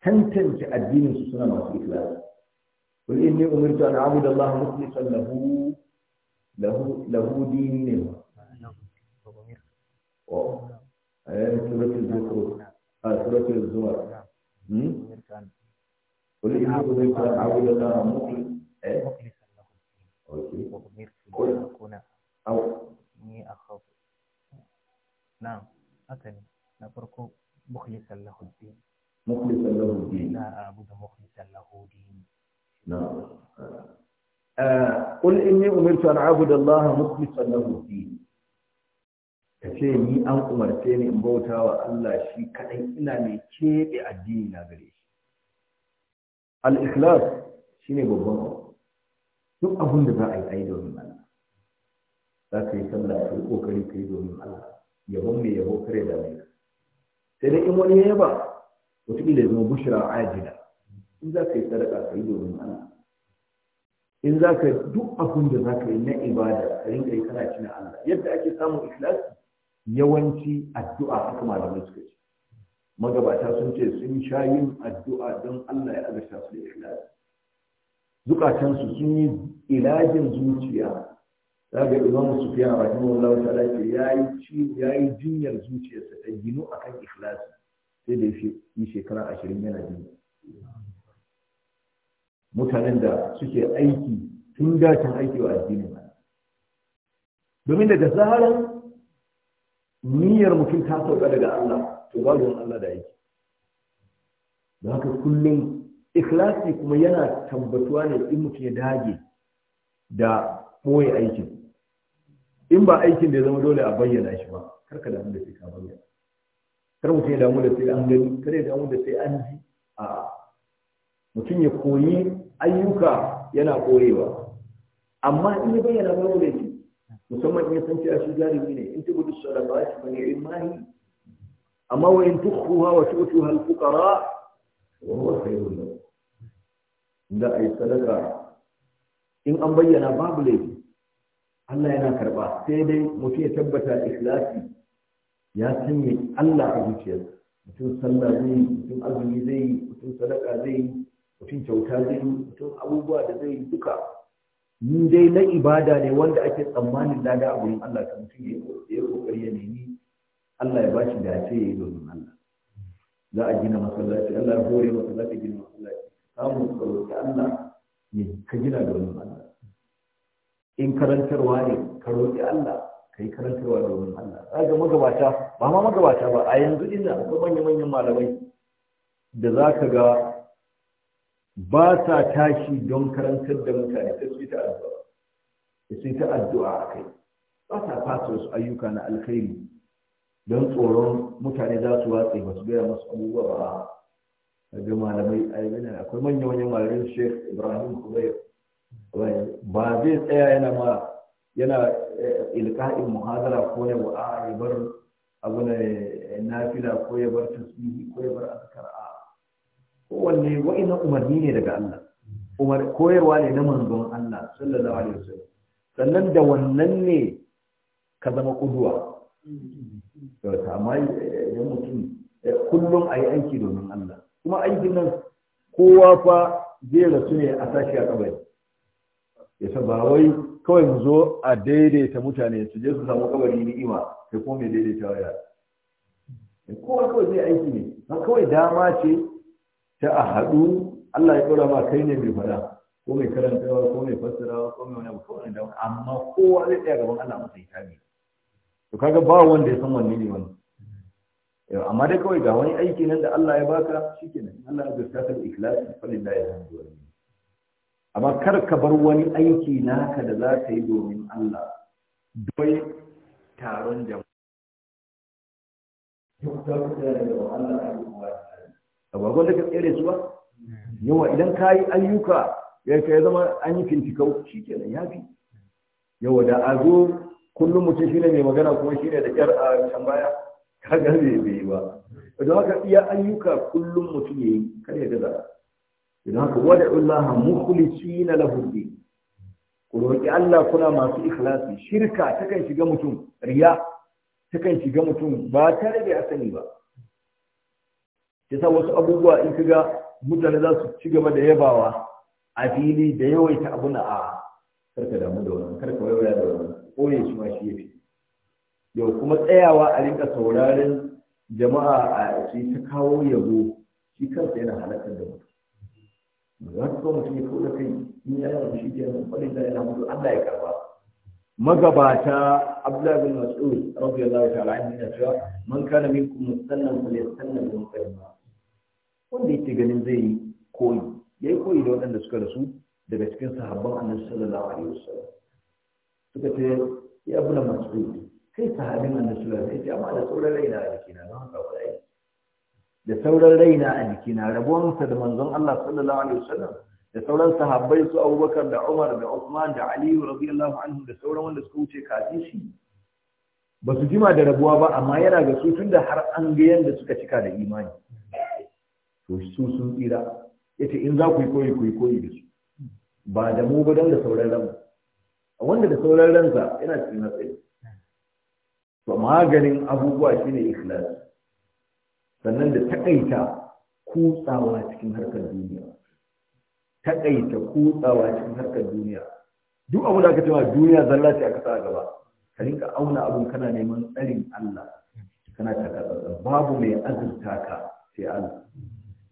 tantance addinin su suna masu ikhlasi qul inni umirtu an a'budu allaha mukhlishan lahu lahu lahu wa oh, eh, suratul zukhruf ah, suratul haka ne na farko mukhlisan lahu din mukhlisan lahu din la abudu mukhlisan lahu din na'am eh, qul inni umirtu an a'budu allaha mukhlisan lahu kace ni an umarce ni in bauta wa Allah shi kadai ina mai kebe addini na gare shi al-ikhlas shine babban duk abin da za a yi ai domin za ka yi sallah ka yi kokari ka yi domin Allah yabon mai yabo kare da mai sai dai in wani ya yaba wataƙila ya zama bushra ajila in za ka yi sadaka ka yi domin Allah in za ka duk abin da za ka yi na ibada ka rinka yi kana cina Allah yadda ake samun ikhlasi yawanci addu'a haka malamai suka ce magabata sun ce sun sha yin addu'a don Allah ya azurta su da ikhlasi zukatansu sun yi ilajin zuciya za ga imamu sufiyan rahimahullah ta'ala ce yayi jinyar zuciyarsa ta ginu akan ikhlasi sai da yi shekara ashirin yana jini mutanen da suke aiki tun gashin aiki wa addinin domin daga zaharar niyyar mutum ta sauka daga Allah to babu wani Allah da aiki da haka kullum ikhlasi kuma yana tabbatuwa ne in mutum ya dage da ɓoye aikin in ba aikin da ya zama dole a bayyana shi ba kar ka damu da sai ka bayyana kar mutum ya damu da sai an gani kar ya damu da sai an ji a mutum ya koyi ayyuka yana korewa. amma in ya bayyana ba dole ce musamman in ya san cewa shi jarumi ne in tubu sadaqat fa ni'mahi amma wa in tukhuha wa tu'tuha al-fuqara wa huwa khayrun lakum da ai sadaka in an bayyana babu laifi Allah yana karba sai dai mutum ya tabbata ikhlasi ya sanya Allah a zuciyarsa mutum sallah zai yi mutum azumi zai yi mutum sadaka zai yi mutum kyauta zai yi mutum abubuwa da zai yi duka ni dai na ibada ne wanda ake tsammanin lada a wurin Allah kan mutum ya kokari ya nemi Allah ya bashi dace ya yi domin Allah za a gina masallaci Allah ya hore masallaci gina masallaci samun tsaro ta Allah ne ka gina domin Allah in karantarwa ne ka roƙi Allah ka yi karantarwa domin Allah za ga magabata ba ma magabata ba a yanzu inda akwai manya-manyan malamai da za ka ga ba sa tashi don karantar da mutane ta su ta addu'a sai ta addu'a a kai ba sa fasa wasu ayyuka na alkhairi don tsoron mutane za su watse ba su gaya masu abubuwa ba a ga malamai a yanzu akwai manya-manyan malamai shek ibrahim kubayar ba zai tsaya yana ma yana eh, ilka'in muhadara ko ya wa ya bar abu na eh, nafila ko ya bar tasbihi ko ya bar azkar a kowanne wa'ina umarni ne daga Allah umar koyarwa ne na manzon Allah sallallahu alaihi wasallam sannan da wannan ne ka zama kuduwa to amma eh, idan mutum kullum ayi aiki domin Allah kuma aikin nan kowa fa zai rasu ne a sashi a kabari yasa ba wai kawai mu zo a daidaita mutane su je su samu kabari ni'ima sai ko mai daidaita waya kowa kawai zai aiki ne ba kawai dama ce ta a haɗu Allah ya ɗora ma kai ne mai faɗa ko mai karantawa ko mai fassarawa ko mai wani abu kawai da amma kowa zai tsaya gaban Allah masa ne to kaga ba wanda ya san wanne ne wani amma dai kawai ga wani aiki nan da Allah ya baka shikenan Allah ya gaskata ikhlasi lillahi alhamdulillah amma kar ka bar wani aiki naka da za ka yi domin Allah doi taron jama'a ba gwanda ka tsere su ba yawa idan ka yi ayyuka ya ka zama an yi fintikau shi kenan ya yafi? yawa da a zo kullum mutum shi ne mai magana kuma shi ne da kyar a can baya Ka kaga bai yi ba don haka iya ayyuka kullum mutum ya yi kar ya gaza idan haka wada Allah mukhlisina lahu din ku roki Allah kuna masu ikhlasi shirka ta kan shiga mutum riya ta kan shiga mutum ba tare da ya sani ba sa wasu abubuwa in kaga mutane za su ci gaba da yabawa a fili da yawaita abuna a ah, karka damu da wannan karka waiwaya da wannan koye shi ma shi yafi yau kuma tsayawa a rinka sauraron jama'a a shi ta kawo yabo shi kansa yana halakar da mutum za mutum ya koda kai in ya yana da shi ke nan kwalin da yana mutu Allah ya karba magabata Abdullahi bin Mas'ud radiyallahu ta'ala anhu yana cewa man kana minkum musallan falyasallam bi muslima wanda yake ganin zai yi koyi yayi koyi da waɗanda suka rasu daga cikin sahabban Annabi sallallahu alaihi wasallam suka ce ya Abdullahi Mas'ud kai sahabin Annabi sallallahu alaihi wasallam amma da tsoron raina a jikina don haka ba da sauran raina a jikina rabuwansa da manzon Allah sallallahu alaihi wasallam da sauran sahabbai su Abubakar da Umar da Uthman da Ali radiyallahu anhu da sauran wanda suka wuce kafin shi ba su jima da rabuwa ba amma yana ga su tunda har an ga yanda suka cika da imani to su sun tsira yace in za ku yi koyi ku yi koyi da su ba da mu ba dan da sauran A wanda da sauran ransa yana cikin matsayi to maganin abubuwa shine ikhlasi sannan da takaita kutsawa cikin harkar duniya takaita kutsawa cikin harkar duniya duk abu da aka cewa duniya zalla ce aka sa gaba ka rinka auna abin kana neman tsarin Allah kana taka babu mai azurta ka sai Allah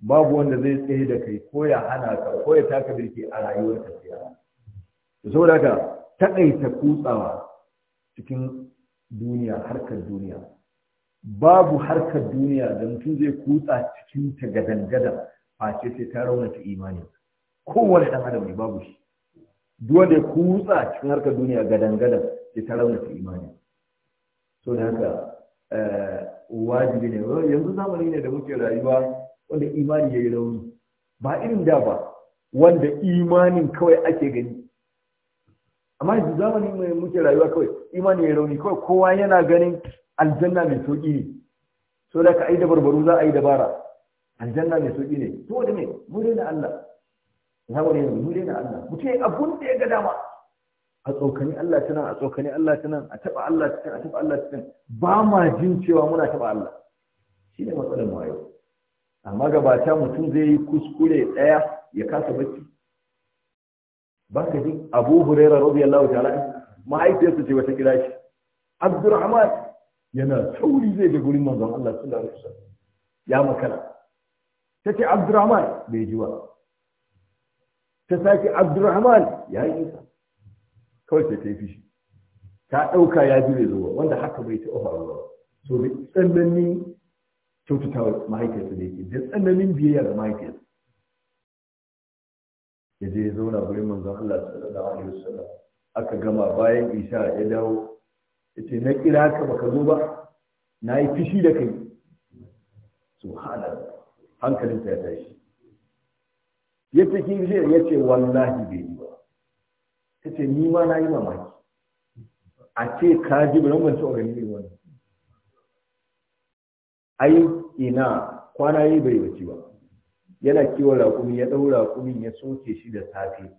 babu wanda zai tsaye da kai ko ya hana ka ko ya taka birki a rayuwar ka sai Allah saboda haka takaita kutsawa cikin duniya harkar duniya babu harkar duniya da mutum zai kutsa cikin ta gadangada a ce sai ta raunata imani kowane ɗan adam ne babu shi duk da kutsa cikin harkar duniya gadangada sai ta raunata imani so da haka eh, wajibi ne yanzu zamani ne da muke rayuwa wanda imani ya yi rauni ba irin da ba wanda imanin kawai ake gani amma yanzu zamani mai muke rayuwa kawai imani ya yi rauni kawai kowa yana ganin aljanna mai sauƙi ne so da ka ai da barbaru za a yi dabara aljanna mai sauƙi ne to da ne, mu daina Allah za mu daina mu daina Allah mu ce abun da ya ga dama a tsokani Allah ta nan a tsokani Allah ta nan a taɓa Allah ta a taɓa Allah ta ba ma jin cewa muna taɓa Allah Shi ne matsalar mu yau amma gabata mutum zai yi kuskure ɗaya ya kasa barci. ba ka ji Abu Hurairah radiyallahu ta'ala mahaifiyarsa ce wata gida shi Abdurrahman yana tsauri zai da gurin manzon Allah sallallahu alaihi wasallam ya makara ta ce Abdurrahman bai ji ba ta sake Abdurrahman ya yi nisa kawai ta tafi shi ta ɗauka ya ji bai zo wanda haka bai taɓa faruwa so da tsananin kyautata mahaifiyarsa da yake da tsananin biyayya ga mahaifiyarsa ya je ya zauna gurin manzon Allah sallallahu alaihi wasallam aka gama bayan isha ya dawo yace na kira ka baka zo ba na yi fishi da kai subhanallah hankalin ya tashi yace kin je yace wallahi bai yi ba yace ni ma na yi mamaki a ce ka ji bari ban ci ne wannan ai ina kwana yi bai wuce ba yana kiwon raƙumi ya daura raƙumin ya soke shi da safe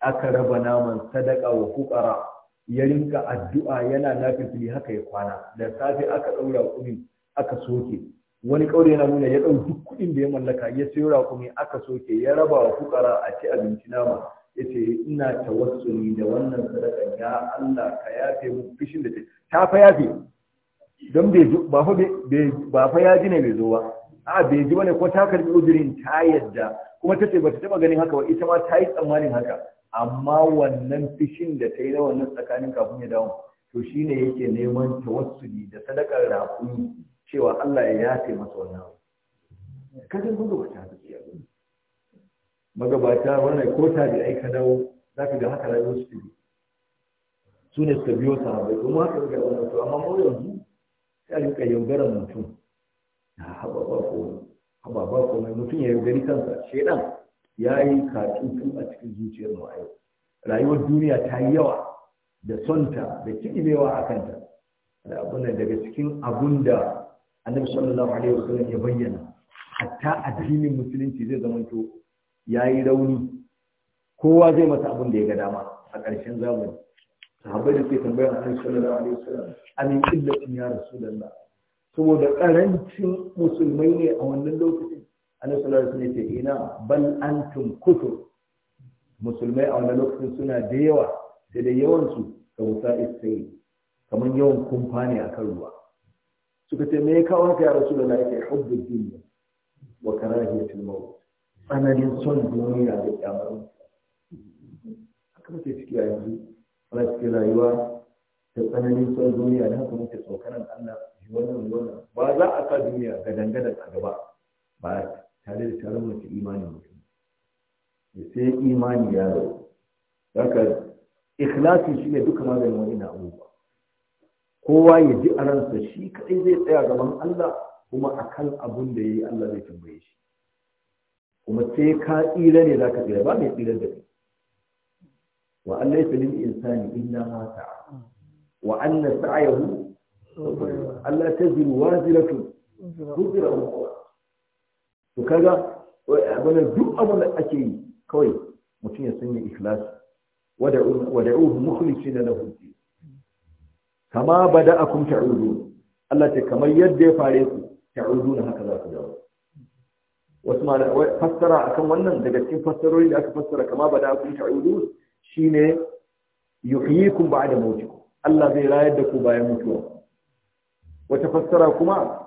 aka raba naman sadaka wa fukara ya rinka addu'a yana nafifili haka ya kwana da safe aka ɗaura kuɗin aka soke wani ƙaure yana nuna ya ɗau duk kuɗin da ya mallaka ya sayo raƙumi aka soke ya raba wa fukara a ci abinci nama ya ce ina tawassuli da wannan sadaka ya Allah ka yafe mu fishin da ta fa yafe don ba fa ya ji ne bai zo ba a bai ji bane ko ta karbi ujirin ta yadda kuma ta ce ba ta taba ganin haka ba ita ma ta yi tsammanin haka amma wannan fishin da ta yi na wannan tsakanin kafin ya dawo to shine yake neman tawassuli da sadakar raƙumi cewa Allah ya yafe masa wannan kajin ba ta tsiya magabata wannan ko ta bi aika dawo za ka ga haka rayuwar su ne su ne suka biyo sahabai kuma haka ga wannan to amma mu yanzu sai rinka yaudaran mutum ha ba ba ko ba ba ko mutum ya yaudari kansa shedan ya yi katutun a cikin zuciyar mu a rayuwar duniya ta yi yawa da sonta da kiɗimewa a kanta abin daga cikin abun da annabi sallallahu alaihi wasallam ya bayyana hatta addinin musulunci zai zamanto ya yi rauni kowa zai masa abin da ya ga dama a ƙarshen zamani sahabbai da suke tambayar annabi sallallahu alaihi wasallam amin illatin ya rasulullah saboda ƙarancin musulmai ne a wannan lokacin annabi sallallahu alaihi wasallam ce ina bal antum kufur musulmai a wani lokacin suna da yawa sai da yawansu da Musa wusa isai kamar yawan kumfa ne kan ruwa suka ce me ya kawo haka da na yake hudu duniya wa karahiyatul maut tsananin son duniya da kyamar haka mace ciki a yanzu ana cikin rayuwa da tsananin son duniya da haka muke tsokanan Allah wannan wannan ba za a sa duniya ga gadan a gaba ba tare da taron mace imanin mutum da sai imani ya zo haka ikhlasi shi ne duka maganin wani na abubuwa kowa ya ji a ransa shi kaɗai zai tsaya gaban Allah kuma akan abun da ya yi Allah zai tambaye shi kuma sai ka tsira ne za ka tsira ba mai tsira da kai wa Allah ya filin insani inna ma sa'a wa anna sa'ayahu Allah ta ziru wa ziratu zira to kaga abin duk abin da ake yi kawai mutum ya sanya ikhlasi wada'uhu na lahu kama bada'akum ta'udun Allah ta kamar yadda ya fare ku na haka za ku dawo wasu ma fassara akan wannan daga cikin fassarori da aka fassara kama bada'akum ta'udun shine yuhyikum ba'da mautikum Allah zai rayar da ku bayan mutuwa wata fassara kuma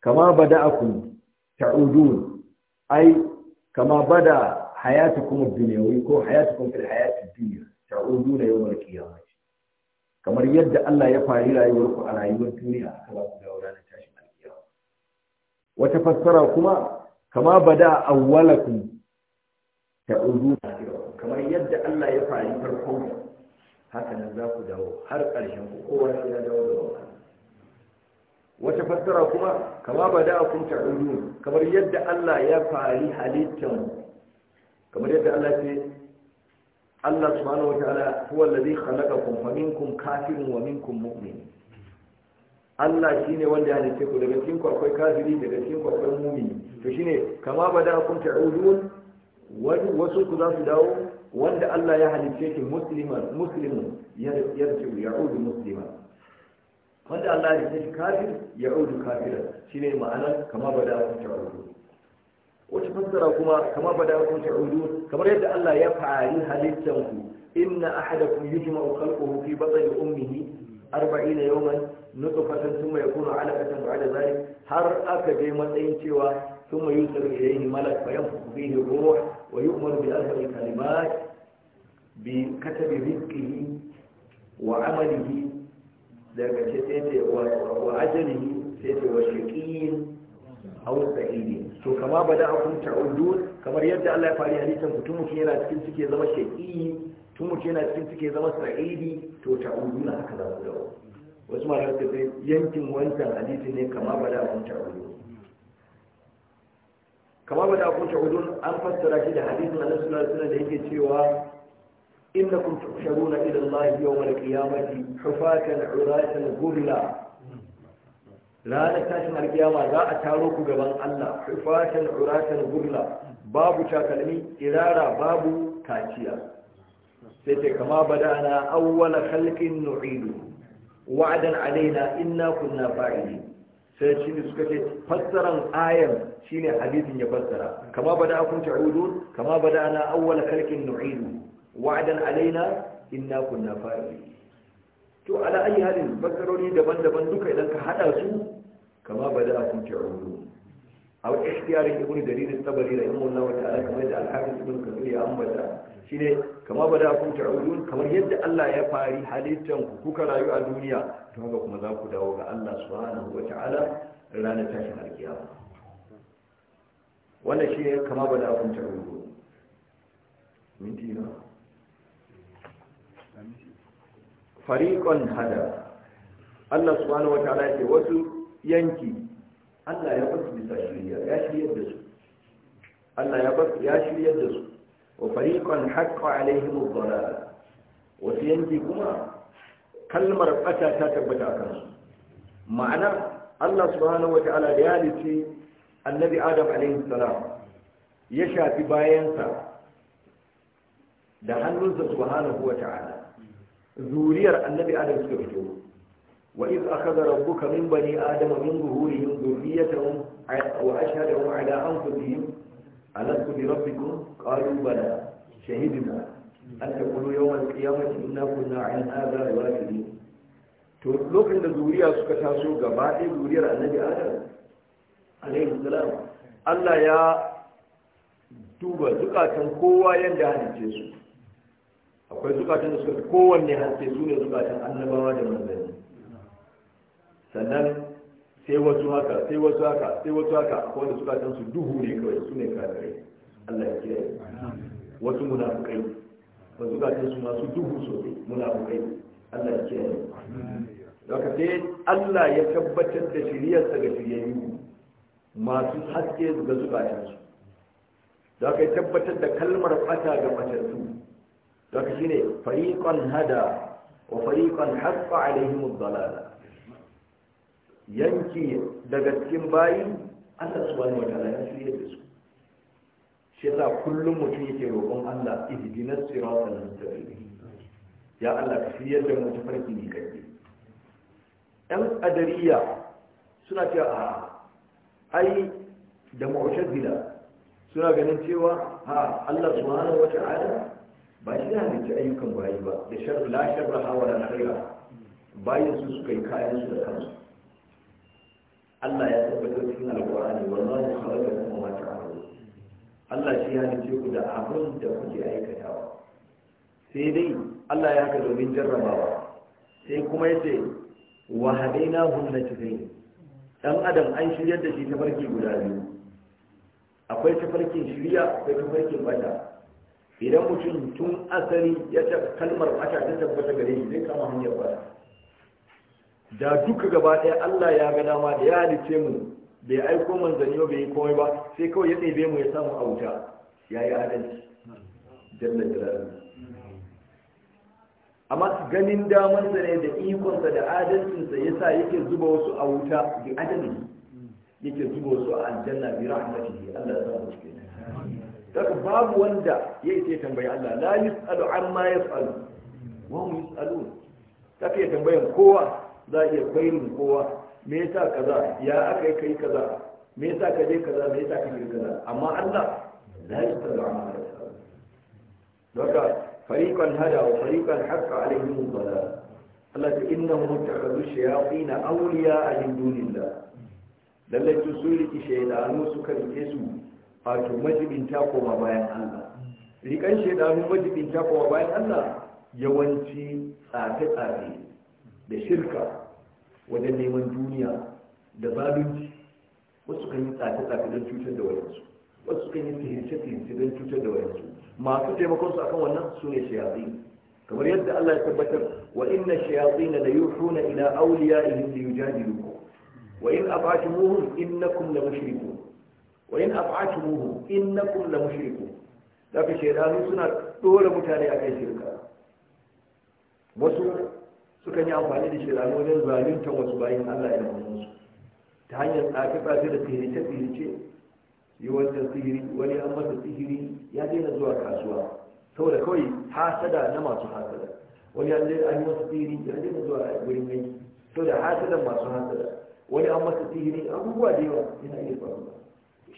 kama bada'akum Ta'udu ai kama bada hayatukum ad-dunyawi ko hayatukum fil hayati ad-dunya ta'uduna yawm al-qiyamah kamar yadda Allah ya fari rayuwarku a rayuwar duniya haka za ku dawo ranar tashin al wata fassara kuma kama bada awwalakum ta'uduna kamar yadda Allah ya fari farkon haka nan za ku dawo har ƙarshen ku ya dawo da wata fassara kuma kama ba da akun ta'udun kamar yadda Allah ya fari halittan kamar yadda Allah ce Allah subhanahu wa ta'ala huwa alladhi khalaqakum faminkum kafirun wa minkum mu'min Allah shine wanda ya halitta ku daga cikin ku akwai kafiri daga cikin ku akwai mu'mini to shine kama ba da akun ta'udun wasu ku za su dawo wanda Allah ya halitta ki musliman muslimun yarju ya'udu musliman wanda Allah ya tashi kafir ya audu kafiran shine ma'ana kama bada kun ta'udu wata fassara kuma kama bada kun ta'udu kamar yadda Allah ya fari halittan ku inna ahadakum yujma'u khalquhu fi batni ummihi 40 yawman nutfatan thumma yakunu 'alaqatan ba'da dhalik har aka je matsayin cewa thumma yusaru ilayhi malak fa yanfukhu fihi ruh wa yu'maru bi arba'i kalimat bi katabi rizqihi wa 'amalihi daga ce sai ce wa ajalihi sai ce wa shaqiyin aw sa'idi to kama bada akun ta'udun kamar yadda Allah ya fari halittar ku tun mutum yana cikin cike zama shaqiyi tun mutum yana cikin cike zama sa'idi to ta'udun haka za ku dawo wasu malamai suka ce yankin wancan hadisi ne kama bada akun ta'udun kama bada akun ta'udun an fassara shi da hadisin Allah sallallahu alaihi wasallam da yake cewa إنكم تحشرون إلى الله يوم القيامة حفاة عراة غرلا لا نتاشم القيامة لا أتاروك قبل الله حفاة عراة غرلا باب تاكلمي إرارة باب كاتيا سيتي كما بدأنا أول خلق نعيده وعدا علينا إنا كنا فاعلين sai shi ne suka ce fassaran ayan shine hadisin ya fassara kama bada akun ta'udun kama bada ana awwala khalqin nu'idu wa'adan alaina inna kunna fa'ili to ala ayi halin fassarori daban-daban duka idan ka hada su kama bada a kun ta'udu a wata ikhtiyarin ibn jarir tabari da imam Allah ta'ala kamar da al-hafiz ibn kathir ya ambata shine kama bada a kun ta'udu kamar yadda Allah ya fari halittan ku kuka rayu a duniya to haka kuma za ku dawo ga Allah subhanahu wa ta'ala ranar tashin alkiyama wannan shine kama bada a kun ta'udu minti na fariqon hada Allah subhanahu wataala ya ce wasu yanki Allah ya basu bisa shirya ya shiryar da su Allah ya basu ya shiryar da su wa fariqon haqqa alaihim ad wasu yanki kuma kalmar bata ta tabbata a kansu ma'ana Allah subhanahu wataala da ya halice annabi Adam alaihi salam ya shafi bayansa da hannunsa subhanahu ta'ala. zuriyar annabi adam suka fito wa iz akhadha rabbuka min bani adama min zuhurihim dhurriyyatahum wa ashhadahum ala anfusihim alastu bi rabbikum qalu bala shahidna an taqulu yawm al-qiyamati inna kunna an hadha ghafilin to lokacin da zuriya suka taso gaba ɗaya zuriyar annabi adam alaihi salam Allah ya duba zukatan kowa yadda halicce su akwai zukatan da suka fi kowanne haske su ne zukatan annabawa da manzanni sannan sai wasu haka sai wasu haka sai wasu haka akwai wanda zukatan su duhu ne kawai su ne kafirai Allah ya kiyaye wasu munafukai ba zukatan su masu duhu sosai munafukai Allah ya kiyaye daga sai Allah ya tabbatar da shiriyarsa ga shiryayyu masu haske ga su da ya tabbatar da kalmar fata ga matattu don shi ne fariƙon hada wa fariƙon haƙƙa alaihimun dalala yanki daga cikin bayi allah su wani wata ya shirya da su shi yasa kullum mutum yake roƙon allah ihdinas siratal mustaqim ya allah ka shirya da mu tafarki ne kai yan adariya suna cewa a ai da gida suna ganin cewa ha allah subhanahu wa ta'ala ba shi da halittar ayyukan bayi ba da sharri la sharra hawa da khaira bayan su suka yi kayan su da kansu Allah ya tabbatar cikin alƙur'ani wallahi khalaqa kuma ma ta'malu Allah shi ya halice ku da abin da kuke aikatawa sai dai Allah ya haka domin jarrabawa sai kuma ya ce, wa hadaina hum najdain dan adam an shiryar da shi ta farki guda biyu akwai tafarkin shiriya akwai tafarkin bata idan mutum tun asali ya ta kalmar aka ta tabbata gare shi zai kama hanyar baya da duka gaba ɗaya Allah ya ga dama da ya halice mu bai aiko manzanni ba bai yi komai ba sai kawai ya ɗebe mu ya samu a wuta ya yi adalci da jalalu amma ganin damansa ne da ikonsa da adalcinsa ya sa yake zuba wasu a wuta bi adalci yake zuba wasu a aljanna bi rahmatihi Allah ya sa mu cikin daga babu wanda ya yi tambayi Allah la yus'alu amma yas'alu wa hum yus'alun kaka ya tambayan kowa za iya kwayin kowa me yasa kaza ya aka yi kai kaza me yasa ka je kaza me yasa ka je kaza amma Allah la yus'alu amma yas'alu daga fariqan hada wa fariqan haqqa alaihim dhalal Allah ta innahum muttakhadhu shayatin awliya'a min dunillah lalle su suliki shaydanu suka rike su wato majibinta koma bayan Allah rikan shaidanu majibinta koma bayan Allah yawanci tsafe-tsafe da shirka wajen neman duniya da zalunci wasu kan yi tsafe-tsafe don cutar da wayansu wasu kan yi sihirce-sihirce don cutar da wayansu masu taimakon su akan wannan su ne shayazi kamar yadda Allah ya tabbatar wa inna shayatin la yuhuna ila awliyaihim li yujadilukum wa in muhun innakum la mushrikun wa in af'atumuhu innakum la da daga shaidanu suna dora mutane a kai shirka wasu suka yi amfani da shaidanu wajen zalunta wasu bayan Allah ya nuna su ta hanyar tsafi tsafe da tsirice-tsirice yi wancan tsiri wani an masa tsiri ya daina zuwa kasuwa saboda kawai hasada na masu hasada wani an daina an yi masa tsiri ya daina zuwa wurin aiki saboda hasada masu hasada wani an masa tsiri abubuwa da yawa yana iya faruwa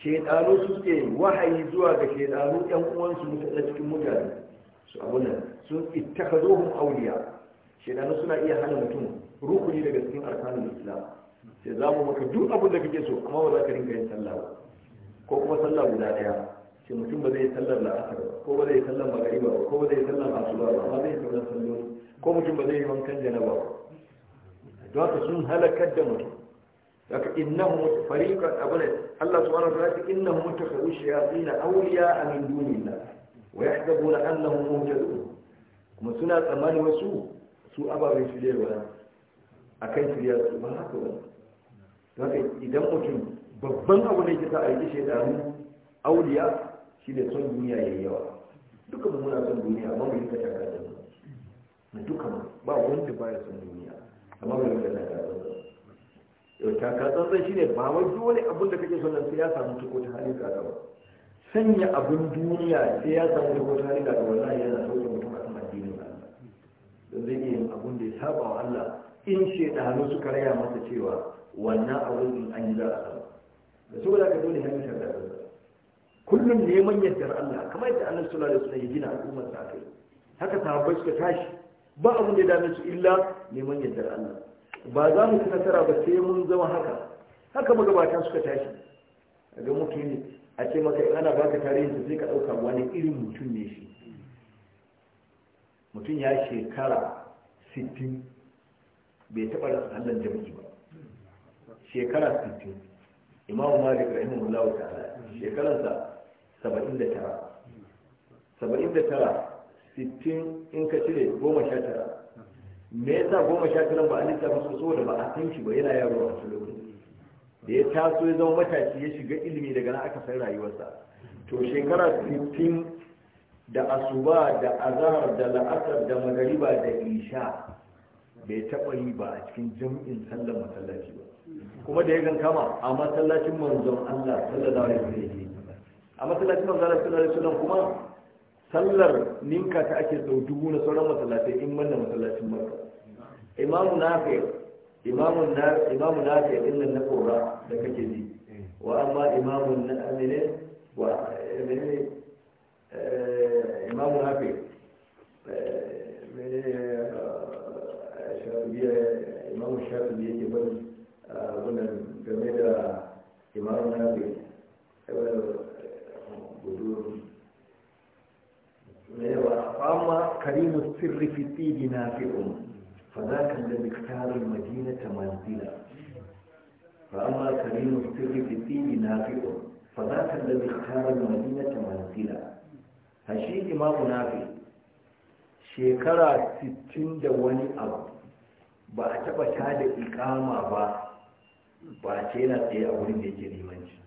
shaidanu suke wahayi zuwa ga shaidanu ɗan uwansu mutane cikin mutane su abunan sun ittaka zohun auliya shaidanu suna iya hana mutum rukuni daga cikin arkanin islam sai za mu maka duk abin da kake so amma ba za ka rinka yin sallah ba ko kuma sallah guda ɗaya sai mutum ba zai yi sallar la'asar ba ko ba zai yi sallar magariba ba ko ba zai yi sallar asuba ba amma zai yi sallar salloli ko mutum ba zai yi wankan janaba ba don haka sun halakar da mutum daga innahu fariqan abuna Allah subhanahu wa ta'ala ya mutakhadhu shayatin a min dunillah wa yahsabuna annahum muhtadun kuma suna tsammani wasu su ababen shiryarwa akan shirya su ba haka wani haka idan mutum babban abu ne kisa a yi shaidanu auliya shi ne son duniya ya yi yawa duka mu muna son duniya amma mu yi ta shakar da mu duka ba wanda baya son duniya amma mu yi ta shakar da mu taka tsantsan ne ba wai duk wani abin da kake son sai ya samu tuko ta hali ga gaba sanya abin duniya sai ya samu tuko ta hali ga gaba na yana sauke mutum a kan addinin ba Don zai yin abin da ya saba wa Allah in da hannu suka raya masa cewa wannan abin in an yi za a sama da saboda ka dole hanyar shar da Allah kullum neman jar Allah kamar yadda Allah sallallahu alaihi wasallam ya gina al'ummar sa kai haka ta bai suka tashi ba abin da ya dame su illa neman yardar Allah ba za mu ci nasara ba sai mun zama haka haka magabatan suka tashi ga mutum ne a ce maka in ana baka tarihin sai ka ɗauka wani irin mutum ne shi mutum ya shekara 60 bai taɓa rasa hannun jami'i ba shekara 60 imamu malik rahimahullahu ta'ala shekararsa 79 79 60 in ka cire 19 me yasa goma sha tara ba a lissafa su saboda ba a san shi ba yana yaro a wasu lokaci da ya taso ya zama matashi ya shiga ilimi daga nan aka san rayuwarsa to shekara 15 da asuba da azhar da la'asar da magariba da isha bai taɓa yi ba a cikin jam'in sallar masallaci ba kuma da ya gan kama a masallacin manzon Allah sallallahu alaihi sallam a masallacin manzon Allah sallallahu alaihi sallam kuma sallar ninka ta ake sau dubu na sauran masallatai in banda masallacin makka imamu nafi imamu nafi imamu nafi din nan na kora da kake ji wa amma imamu nafi wa menene imamu nafi menene shafiya imamu shafiya yake bari wannan game da imamu nafi gudu da yawa amma karimu sirri fi na fi'un um. fa da miktarin madina ta manzila amma karimu sirri fi da um. madina ta manzila a shi imamu nafi shekara 60 da wani abu ba a taba ta da ikama ba ba a ce na tsaye a wurin da yake limanci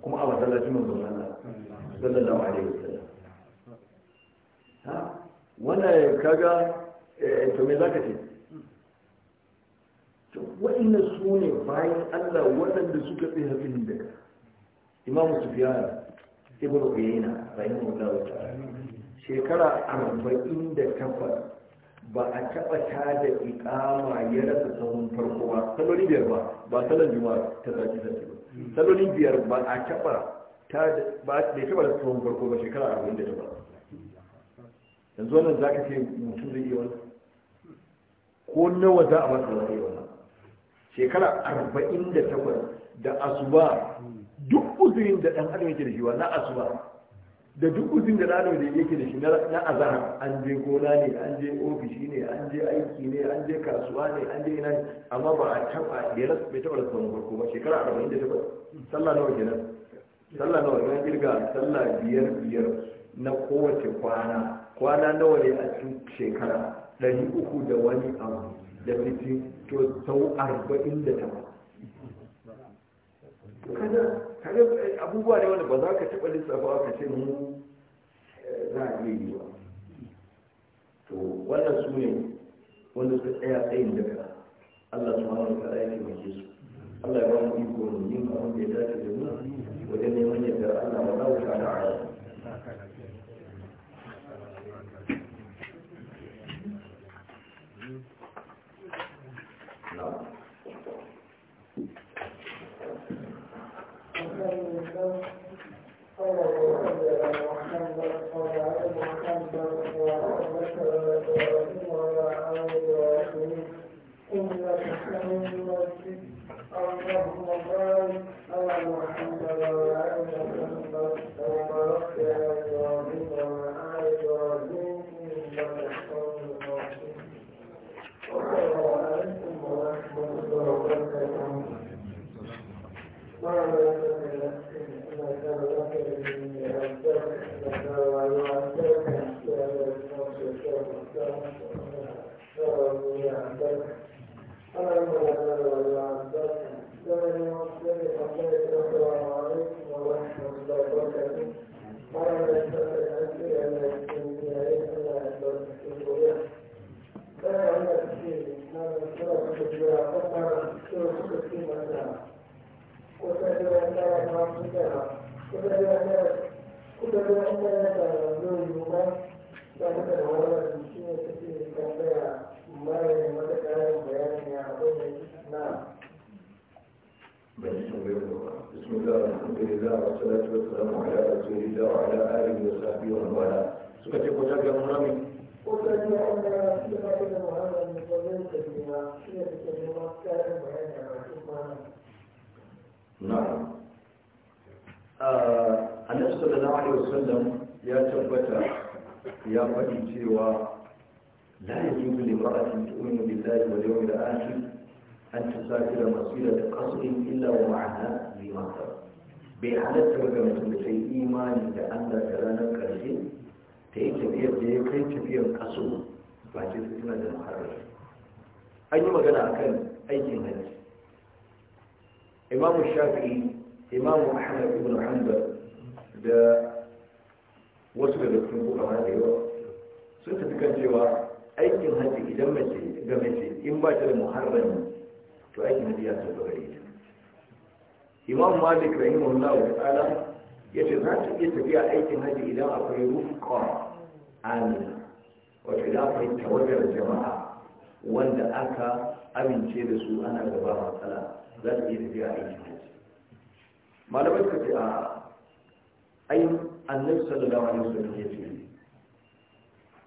kuma a wannan kaga eh, to me zaka ce to wa'annan su ne bayan Allah waɗanda suka tsaya da ka. imamu sufiyana ibn uyayna allah ta shekara arba'in da takwas ba a taɓa ta da iƙama ya rasa sahun farko ba saloli biyar ba ba salon juma'a ta zaki zaki ba saloli biyar ba a taɓa ta da ba da taɓa da sahun farko ba shekara arba'in da takwas yanzu wannan za ka ce mutum zai yi wani? ko nawa za a masa zai yi wani? shekara arba'in da takwas da asuba duk uzurin da ɗan adam yake da shi na asuba da duk uzurin da ɗan adam yake da shi na azara an je gona ne an je ofishi ne an je aiki ne an je kasuwa ne an je ina amma ba a taɓa da bai taɓa da sauran farko ba shekara arba'in da takwas sallah nawa kenan sallah nawa ya kirga sallah biyar biyar na kowace kwana kwana nawa ne a cikin shekara ɗari uku da wani abu da fiti to sau arba'in da takwas kada eh, abubuwa ne wanda ba za ka taɓa lissafa ka ce mu eh, za a iya yi ba to wannan su ne wanda su tsaya tsayin daga Allah su hana ta ya mace su Allah ya ba mu iko yin abin da ya dace da mu wajen neman yadda Allah ba za mu ta da الله لا يجوز لامرأة تؤمن بالله واليوم الآخر أن تسافر مسيرة قصر إلا ومعها بمطر بحالة رقم في إيمان لأن كلام كرسي تيجي تبيع تبيع قصر بعد فتنة المحرر أي مجانا أكل أي جنة إمام الشافعي إمام أحمد بن حنبل ده وصل للكتب على اليوم سنت aikin hajji idan mace ga mace in ba ta da muharrami to aikin hajji ya tafi gare ta imam malik rahimahullah wa ta'ala ya ce za ta iya tafiya aikin hajji idan akwai rufqa amin wato idan akwai tawagar jama'a wanda aka amince da su ana gaba matsala za ta iya tafiya aikin hajji malamai suka ce a ayin annabi sallallahu alaihi wasallam ya ce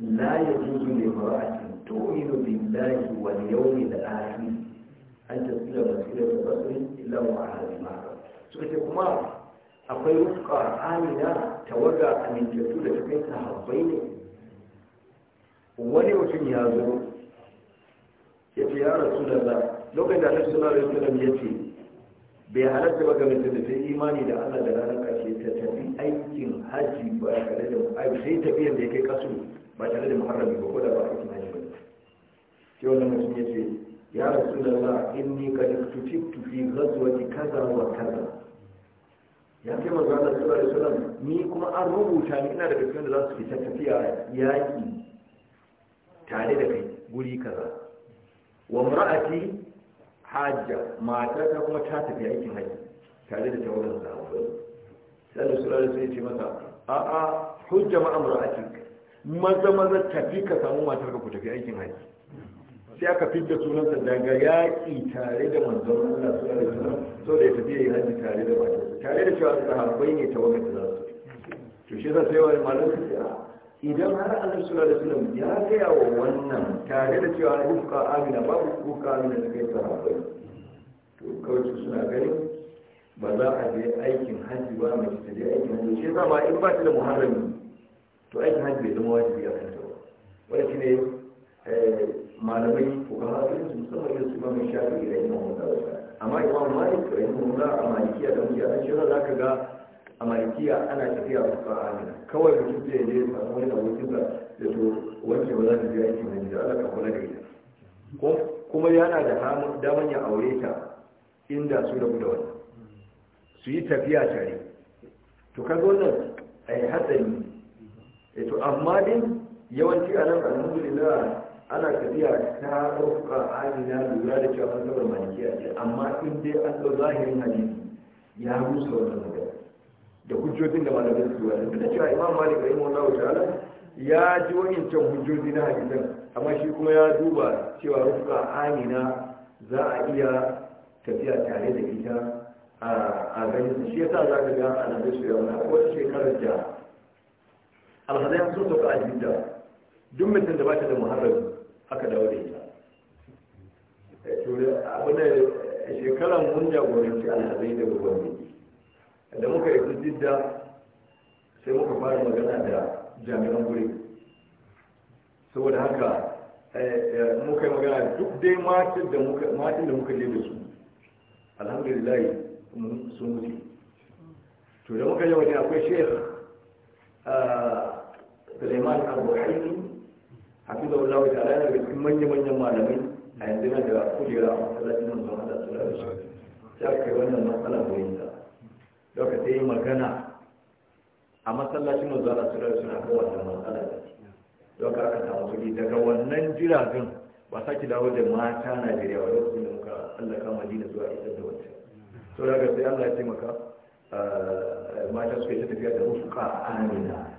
لا يجوز لامرأة تؤمن بالله واليوم الآخر أن تسئل مسئلة رجل إلا وعلى المعرض سؤال كما akwai rufka amina tawaga amintattu da ta kai sahabbai ne wani mutum ya zo ya ce ya da za lokacin da annabi sallallahu alaihi wasallam ce bai halatta ba ga mutum da ta imani da ana da ranar ƙarshe ta tafi aikin haji ba tare da ai sai tafiyar da ya kai kasu ba tare da muharrami ba ko da ba aikin hajji ba sai wannan mutum ya ce ya rasulullah inni qad iktutiftu fi ghazwati kaza wa kaza ya kai manzo Allah sallallahu alaihi wasallam ni kuma an rubuta ni ina daga cikin da za su fita tafiya yaki tare da kai guri kaza wa mar'ati hajja mata ta kuma ta tafi aikin hajji tare da tawagan sahabbai sai Allah sallallahu alaihi wasallam ya ce masa a'a hujja ma amra'atik maza maza tafi ka samu matar ka ku tafi aikin haji sai aka fidda sunansa daga yaƙi tare da manzon Allah sallallahu alaihi wasallam so da ya tafi haji tare da matar tare da cewa sahabbai ne tawagar da za su to shi zai sai wani malam ya ce ah, idan har Allah sallallahu alaihi wasallam ya gaya wa wannan tare da cewa rufka amina babu rufka amina da kai sahabbai to kawai suna ganin ba za a je aikin haji ba mai ta je aikin haji shi zama ma in ba shi da muharrami to aiki hajji bai zama wajibi a kanta ba wani shi ne eh, malamai ko kama irin su musamman yin su mamman shafi da yin wanda amma imam malik da yin da a malikiya da muke a shi za ka ga a malikiya ana tafiya su fa hannun kawai mutum zai je a wani abokin sa da to wanke ba za ta je aiki mai da ala ka na da ita kuma yana da daman ya aure ta inda su rabu da wannan su yi tafiya tare to kaga wannan yi hatsari Eh, to amma din yawanci a nan alhamdulillah ana tafiya ta a amina lura da cewa an saba malikiya ce amma in dai an ɗau zahirin hadisi ya rusa wannan magana da hujjojin da malamai su yi duk da cewa imam malik rahimahullahu ta'ala ya ji wa'incan hujjoji na hadisan amma shi kuma ya duba cewa rufuka amina za a iya tafiya tare da ita a ganin shi ya sa za ka ga a nan da su yau a wata shekarar da ya sun sauka a jidda duk mutum da ba ta da muharram aka dawo da ita eh, abu da shekaran mun jagoranci alhazai da gwamnati da muka yi jidda sai muka fara magana da jami'an guri saboda haka eh, eh, muka yi magana duk dai matin da muka je da su alhamdulillah sun mutu to da muka yi wajen akwai shekh ah, Suleiman Abu Haifi hafiza Allah ta'ala yana cikin manya-manyan malamai a yanzu na da kujera a masallacin nan zuwa da sura da shi Ya aka wannan matsala goyin ta daga sai yi magana a masallacin nan zuwa da sura da suna kawo wannan matsala da shi daga aka samu kudi daga wannan jiragen ba sa ki dawo da mata Najeriya ba lokacin da muka tsallaka Madina zuwa isar da wancan to daga sai Allah ya taimaka eh, mata suke yi tafiya da rufuka amina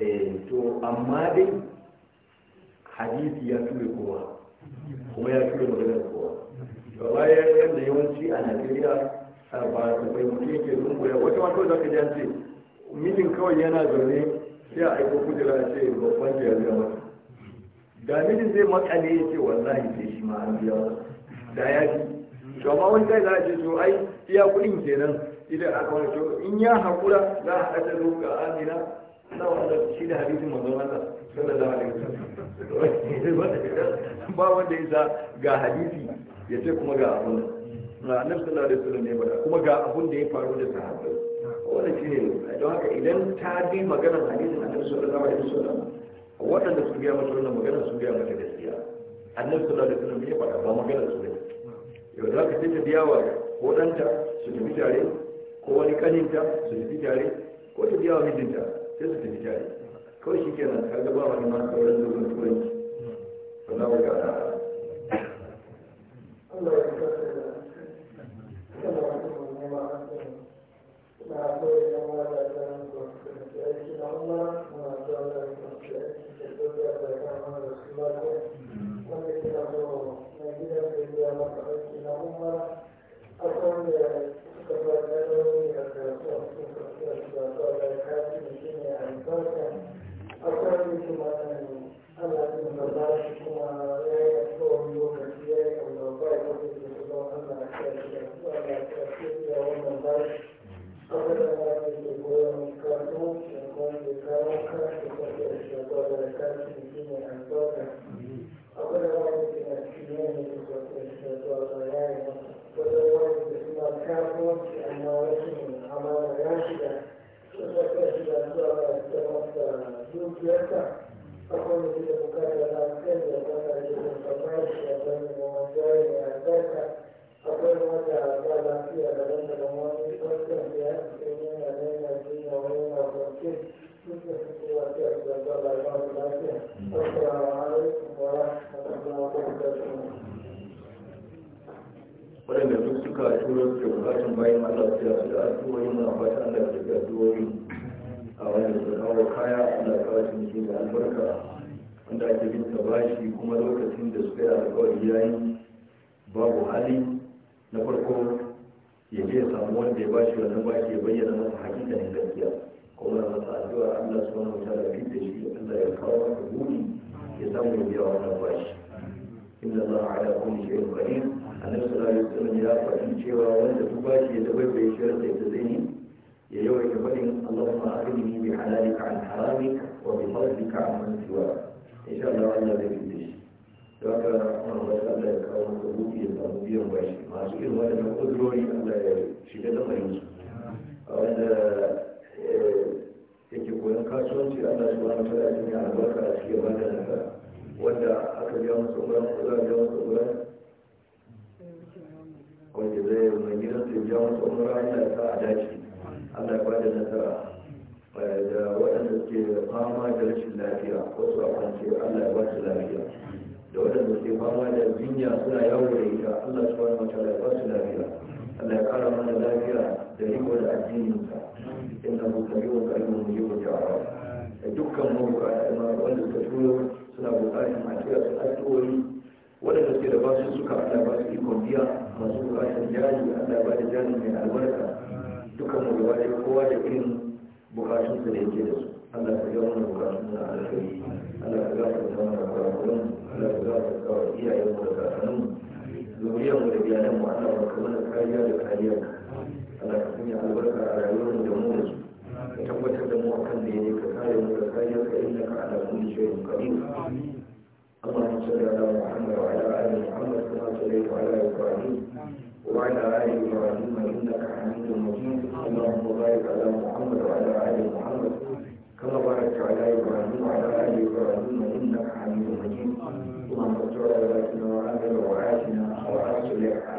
Eh, to amma dai hadisi ya ture kowa kuma ya ture maganar kowa to bayan yadda yawanci a najeriya ba su bai mutum yake zungoya wata wata za ka jance mijin kawai yana zaune sai a aiko kujera a ce babban da ya zama. da mijin zai makale ya ce wallahi sai shi ma an biya da ya ji to amma wani kai za a ce to ai iya kuɗin kenan idan aka wani to in ya haƙura za a haɗa da ga amina shi da hadisin manzon Allah sallallahu alaihi wasallam ba wanda yasa ga hadisi ya ce kuma ga abun na annabi na alaihi wasallam ne bada kuma ga abun da ya faru da sahabbai wannan shine don haka idan ta bi maganar hadisin da sallallahu alaihi wasallam waɗanda su gaya mata wannan maganar su gaya mata gaskiya annabi sallallahu alaihi wasallam ya faɗa ba maganar su ne yau za ka ce ta biya wa ko ɗanta su tafi tare ko wani kaninta su tafi tare ko ta biya wa mijinta sai su tafi tare kawai shi kenan kaga ba wani ma sauran dogon turanci sannan wa ga Thank you. before waɗanda duk suka turo suke bukatun bayan Allah su da addu'o'i muna fata Allah da ga addu'o'i a wanda su kawo kaya Allah ya kawo ciniki da albarka wanda ake bin ta bashi kuma lokacin da suka yi alkawari yayin babu hali na farko ya je samu wanda ya bashi wannan bashi ya bayyana masa hakikanin gaskiya kuma masa addu'a Allah subhanahu wa ta'ala da shi Allah ya kawo masa buɗi ya samu ya biya wannan bashi inda za a ala kulli shay'in qadir annabi sallallahu alaihi wasallam ya faɗi cewa wanda tuba shi ya tabbai shi da ita zai yi ya yawaita faɗin Allahumma aghnini bi halalika an haramika wa bi fadlika an man siwaka insha Allah Allah zai yi shi don haka wannan wata Allah ya kawo masa rufi ya samu biyan bashi masu irin waɗannan ƙudurori Allah ya shiga da mai musu a wanda yake koyon kasuwanci Allah subhanahu wa ta'ala ya albarka a cikin wannan ودع حتى اليوم الصغرى وصلاة اليوم الصغرى وجزير من ينطي اليوم الصغرى إلا ساعة داشي أنا قادة نترى وإذا وإن استيقاما جلش اللافية وصوى حنشي ألا وجه اللافية لو إن استيقاما جلزينيا سنة يوري إيجا ألا سوى المشالة وجه اللافية ألا كرم أن اللافية دليل ولا أجين إنسا إنه كبير وكريم ومجيب وجعرات دكا موقع إما وإن استيقاما suna bukatar a tura su addu'o'i waɗanda suke da basu suka Allah ba su ikon biya masu bukatar jari Allah ba da jari mai albarka dukkan mu gaba ɗaya kowa da irin bukatun su da yake da su Allah ka ga mana bukatun mu na alkhairi Allah ka gafarta mana kurakuran Allah ka gafarta wa iyayen mu da kakannin zuriyar mu da iyalan mu Allah ka mana kariya da kariyar Allah ka sanya albarka a rayuwar mu da mu da su ka tabbatar da mu akan da yake عليك وسلم فإنك على كل شيء قدير اللهم صل على محمد وعلى آل محمد كما صليت على إبراهيم وعلى آل إبراهيم إنك حميد مجيد اللهم بارك على محمد وعلى آل محمد كما باركت على إبراهيم وعلى آل إبراهيم إنك حميد مجيد اللهم اجعل لنا وآتنا وآتنا وأصلح